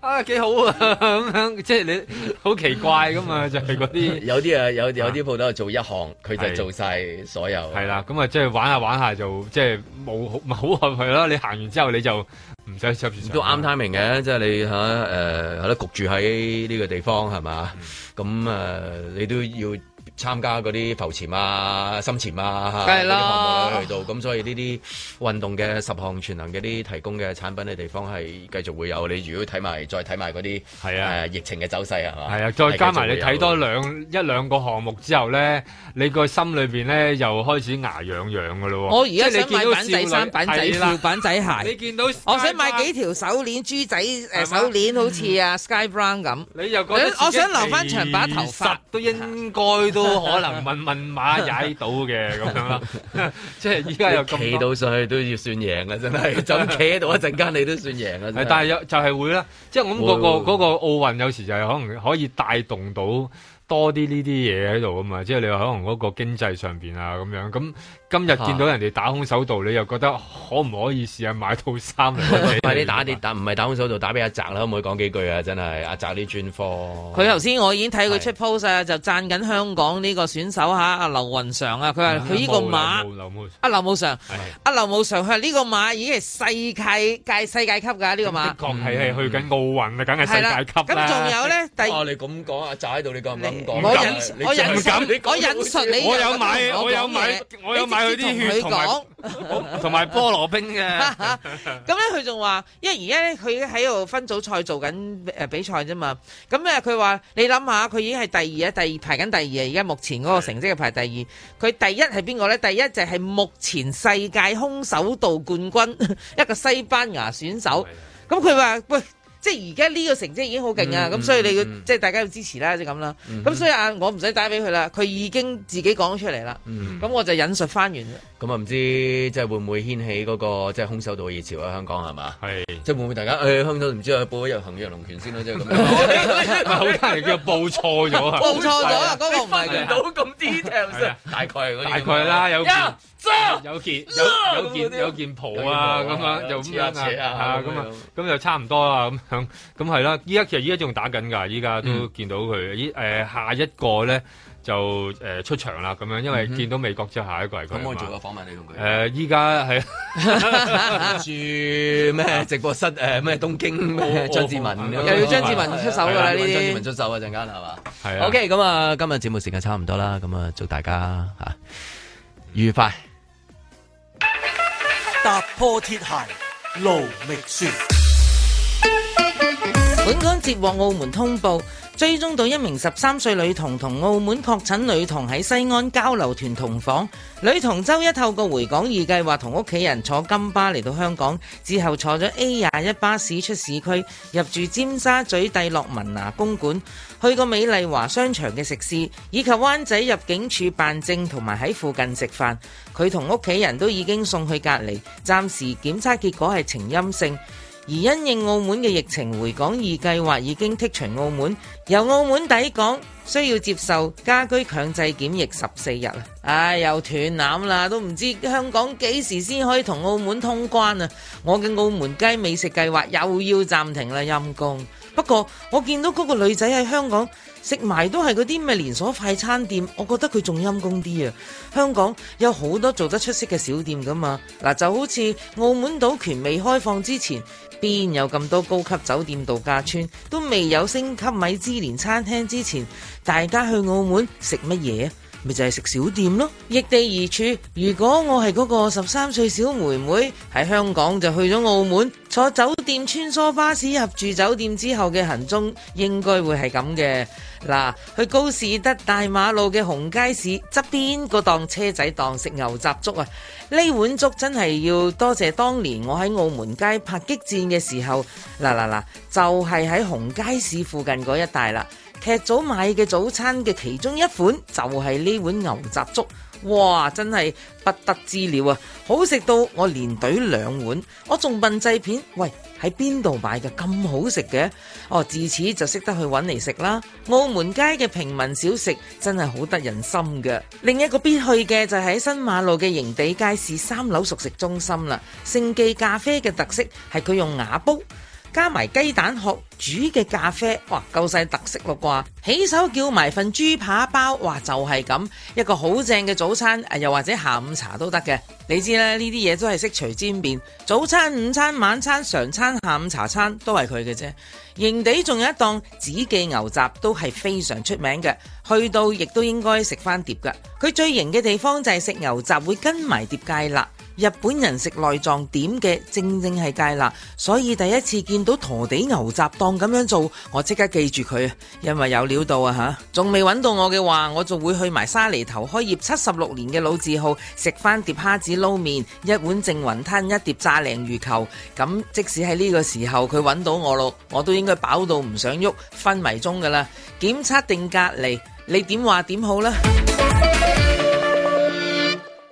啊，幾好啊！咁樣即係你好奇怪㗎嘛、就係、啊，就係嗰啲有啲啊，有有啲鋪頭做一項佢就做晒所有。係啦，咁啊，即係玩下玩下就即係冇咪好合佢咯！你行完之後你就唔使執住。都啱 timing 嘅，即係你嚇誒焗住喺呢個地方係嘛？咁啊、呃，你都要。參加嗰啲浮潛啊、深潛啊，梗係啦去到，咁所以呢啲運動嘅十項全能嘅啲提供嘅產品嘅地方係繼續會有。你如果睇埋再睇埋嗰啲係啊疫情嘅走勢啊，係啊，再加埋你睇多兩一兩個項目之後咧，你個心裏邊咧又開始牙癢癢嘅咯。我而家想買板仔衫、板仔、板仔鞋。你見到我想買幾條手鏈、豬仔誒手鏈，好似啊 Sky Brown 咁。你又覺得我想留翻長把頭髮都應該都。都可能問問馬踩到嘅咁樣咯，即係依家又企到上去都要算贏嘅，真係，就企喺度一陣間你都算贏嘅。係，但係又就係會啦，即係我諗嗰個嗰個奧運有時就係可能可以帶動到。多啲呢啲嘢喺度啊嘛，即係你話可能嗰個經濟上邊啊咁樣，咁今日見到人哋打空手道，啊、你又覺得可唔可以試下、啊、買一套衫？ 你，你打啲打，唔係打空手道，打俾阿澤啦，可唔可以講幾句啊？真係阿澤啲專科。佢頭先我已經睇佢出 post 啊的，就讚緊香港呢個選手吓、啊，阿劉慕裳啊，佢話佢呢個馬，阿劉慕裳，阿劉慕裳，佢話呢個馬已經係世界世界世界級噶呢、這個馬，的確係係去緊奧運啊，梗係、嗯嗯、世界級啦。咁仲有咧，我你咁講阿澤喺度，你講唔講？我忍，我忍唔敢，我忍術。你我有買，我有買，我有買佢啲血同埋同埋菠蘿冰嘅。咁咧，佢仲話，因為而家咧，佢喺度分組賽做緊誒比賽啫嘛。咁誒，佢話你諗下，佢已經係第二啊，第二排緊第二啊。而家目前嗰個成績係排第二。佢第一係邊個咧？第一就係目前世界空手道冠軍一個西班牙選手。咁佢話喂。即係而家呢個成績已經好勁啊！咁所以你要即係大家要支持啦，就咁啦。咁所以啊，我唔使打俾佢啦，佢已經自己講出嚟啦。咁我就引述翻完咁啊，唔知即係會唔會掀起嗰個即係空手道熱潮喺香港係嘛？係即係會唔會大家誒？香港都唔知啊，報咗入行玉龍拳先即就咁。唔係好多人叫報錯咗啊！報錯咗啊！嗰個唔係到咁 detail 啫，大概係嗰啲。大概啦，有件有件有件有件袍啊，咁樣就咁樣啊，咁啊，咁就差唔多啦，咁。咁係係啦，依家，其實依家仲打緊噶依家都見到佢，誒下一個咧，就誒出場啦，咁樣，因為見到美國之後下一個係佢。咁我做個訪問你同佢。誒，依家係住咩直播室？誒，咩東京咩張志文，又要張志文出手噶啦呢啲。張志文出手啊，陣間係嘛？係啊。OK，咁啊，今日節目時間差唔多啦，咁啊，祝大家吓愉快，踏破鐵鞋路未說。本港接獲澳門通報，追蹤到一名十三歲女童同澳門確診女童喺西安交流團同房。女童周一透過回港二計劃同屋企人坐金巴嚟到香港，之後坐咗 A 廿一巴士出市區，入住尖沙咀帝樂文拿公館，去個美麗華商場嘅食肆，以及灣仔入境處辦證，同埋喺附近食飯。佢同屋企人都已經送去隔離，暫時檢測結果係呈陰性。而因應澳門嘅疫情回港易計劃已經剔除澳門，由澳門抵港需要接受家居強制檢疫十四日啊！唉，又斷攬啦，都唔知香港幾時先可以同澳門通關啊！我嘅澳門街美食計劃又要暫停啦，陰公。不過，我見到嗰個女仔喺香港食埋都係嗰啲咩連鎖快餐店，我覺得佢仲陰功啲啊！香港有好多做得出色嘅小店㗎嘛，嗱，就好似澳門賭權未開放之前，邊有咁多高級酒店度假村，都未有星級米芝蓮餐廳之前，大家去澳門食乜嘢啊？咪就係食小店咯，易地而處。如果我係嗰個十三歲小妹妹喺香港，就去咗澳門坐酒店穿梭巴士入住酒店之後嘅行蹤，應該會係咁嘅。嗱、啊，去高士德大馬路嘅紅街市側邊嗰檔車仔檔食牛雜粥啊！呢碗粥真係要多謝當年我喺澳門街拍激戰嘅時候，嗱嗱嗱，就係、是、喺紅街市附近嗰一帶啦。吃劇組買嘅早餐嘅其中一款就係呢碗牛雜粥，哇，真係不得之了啊！好食到我連隊兩碗，我仲問製片：喂，喺邊度買嘅咁好食嘅？哦，自此就識得去揾嚟食啦。澳門街嘅平民小食真係好得人心嘅。另一個必去嘅就喺新馬路嘅營地街市三樓熟食中心啦。勝記咖啡嘅特色係佢用瓦煲。加埋雞蛋殼煮嘅咖啡，哇！夠晒特色咯啩！起手叫埋份豬扒包，哇！就係、是、咁一個好正嘅早餐，又或者下午茶都得嘅。你知啦，呢啲嘢都係悉隨尊便，早餐、午餐、晚餐、常餐、下午茶餐都係佢嘅啫。營地仲有一檔紫記牛雜，都係非常出名嘅，去到亦都應該食翻碟㗎。佢最型嘅地方就係食牛雜會跟埋碟芥辣。日本人食內臟點嘅，正正係芥辣，所以第一次見到陀地牛雜檔咁樣做，我即刻記住佢，因為有料到啊吓！仲未揾到我嘅話，我就會去埋沙梨頭開業七十六年嘅老字號食翻碟蝦子撈麵，一碗淨雲吞，一碟炸鯪魚球，咁即使喺呢個時候佢揾到我咯，我都應該飽到唔想喐，昏迷中噶啦！檢測定隔離，你點話點好呢？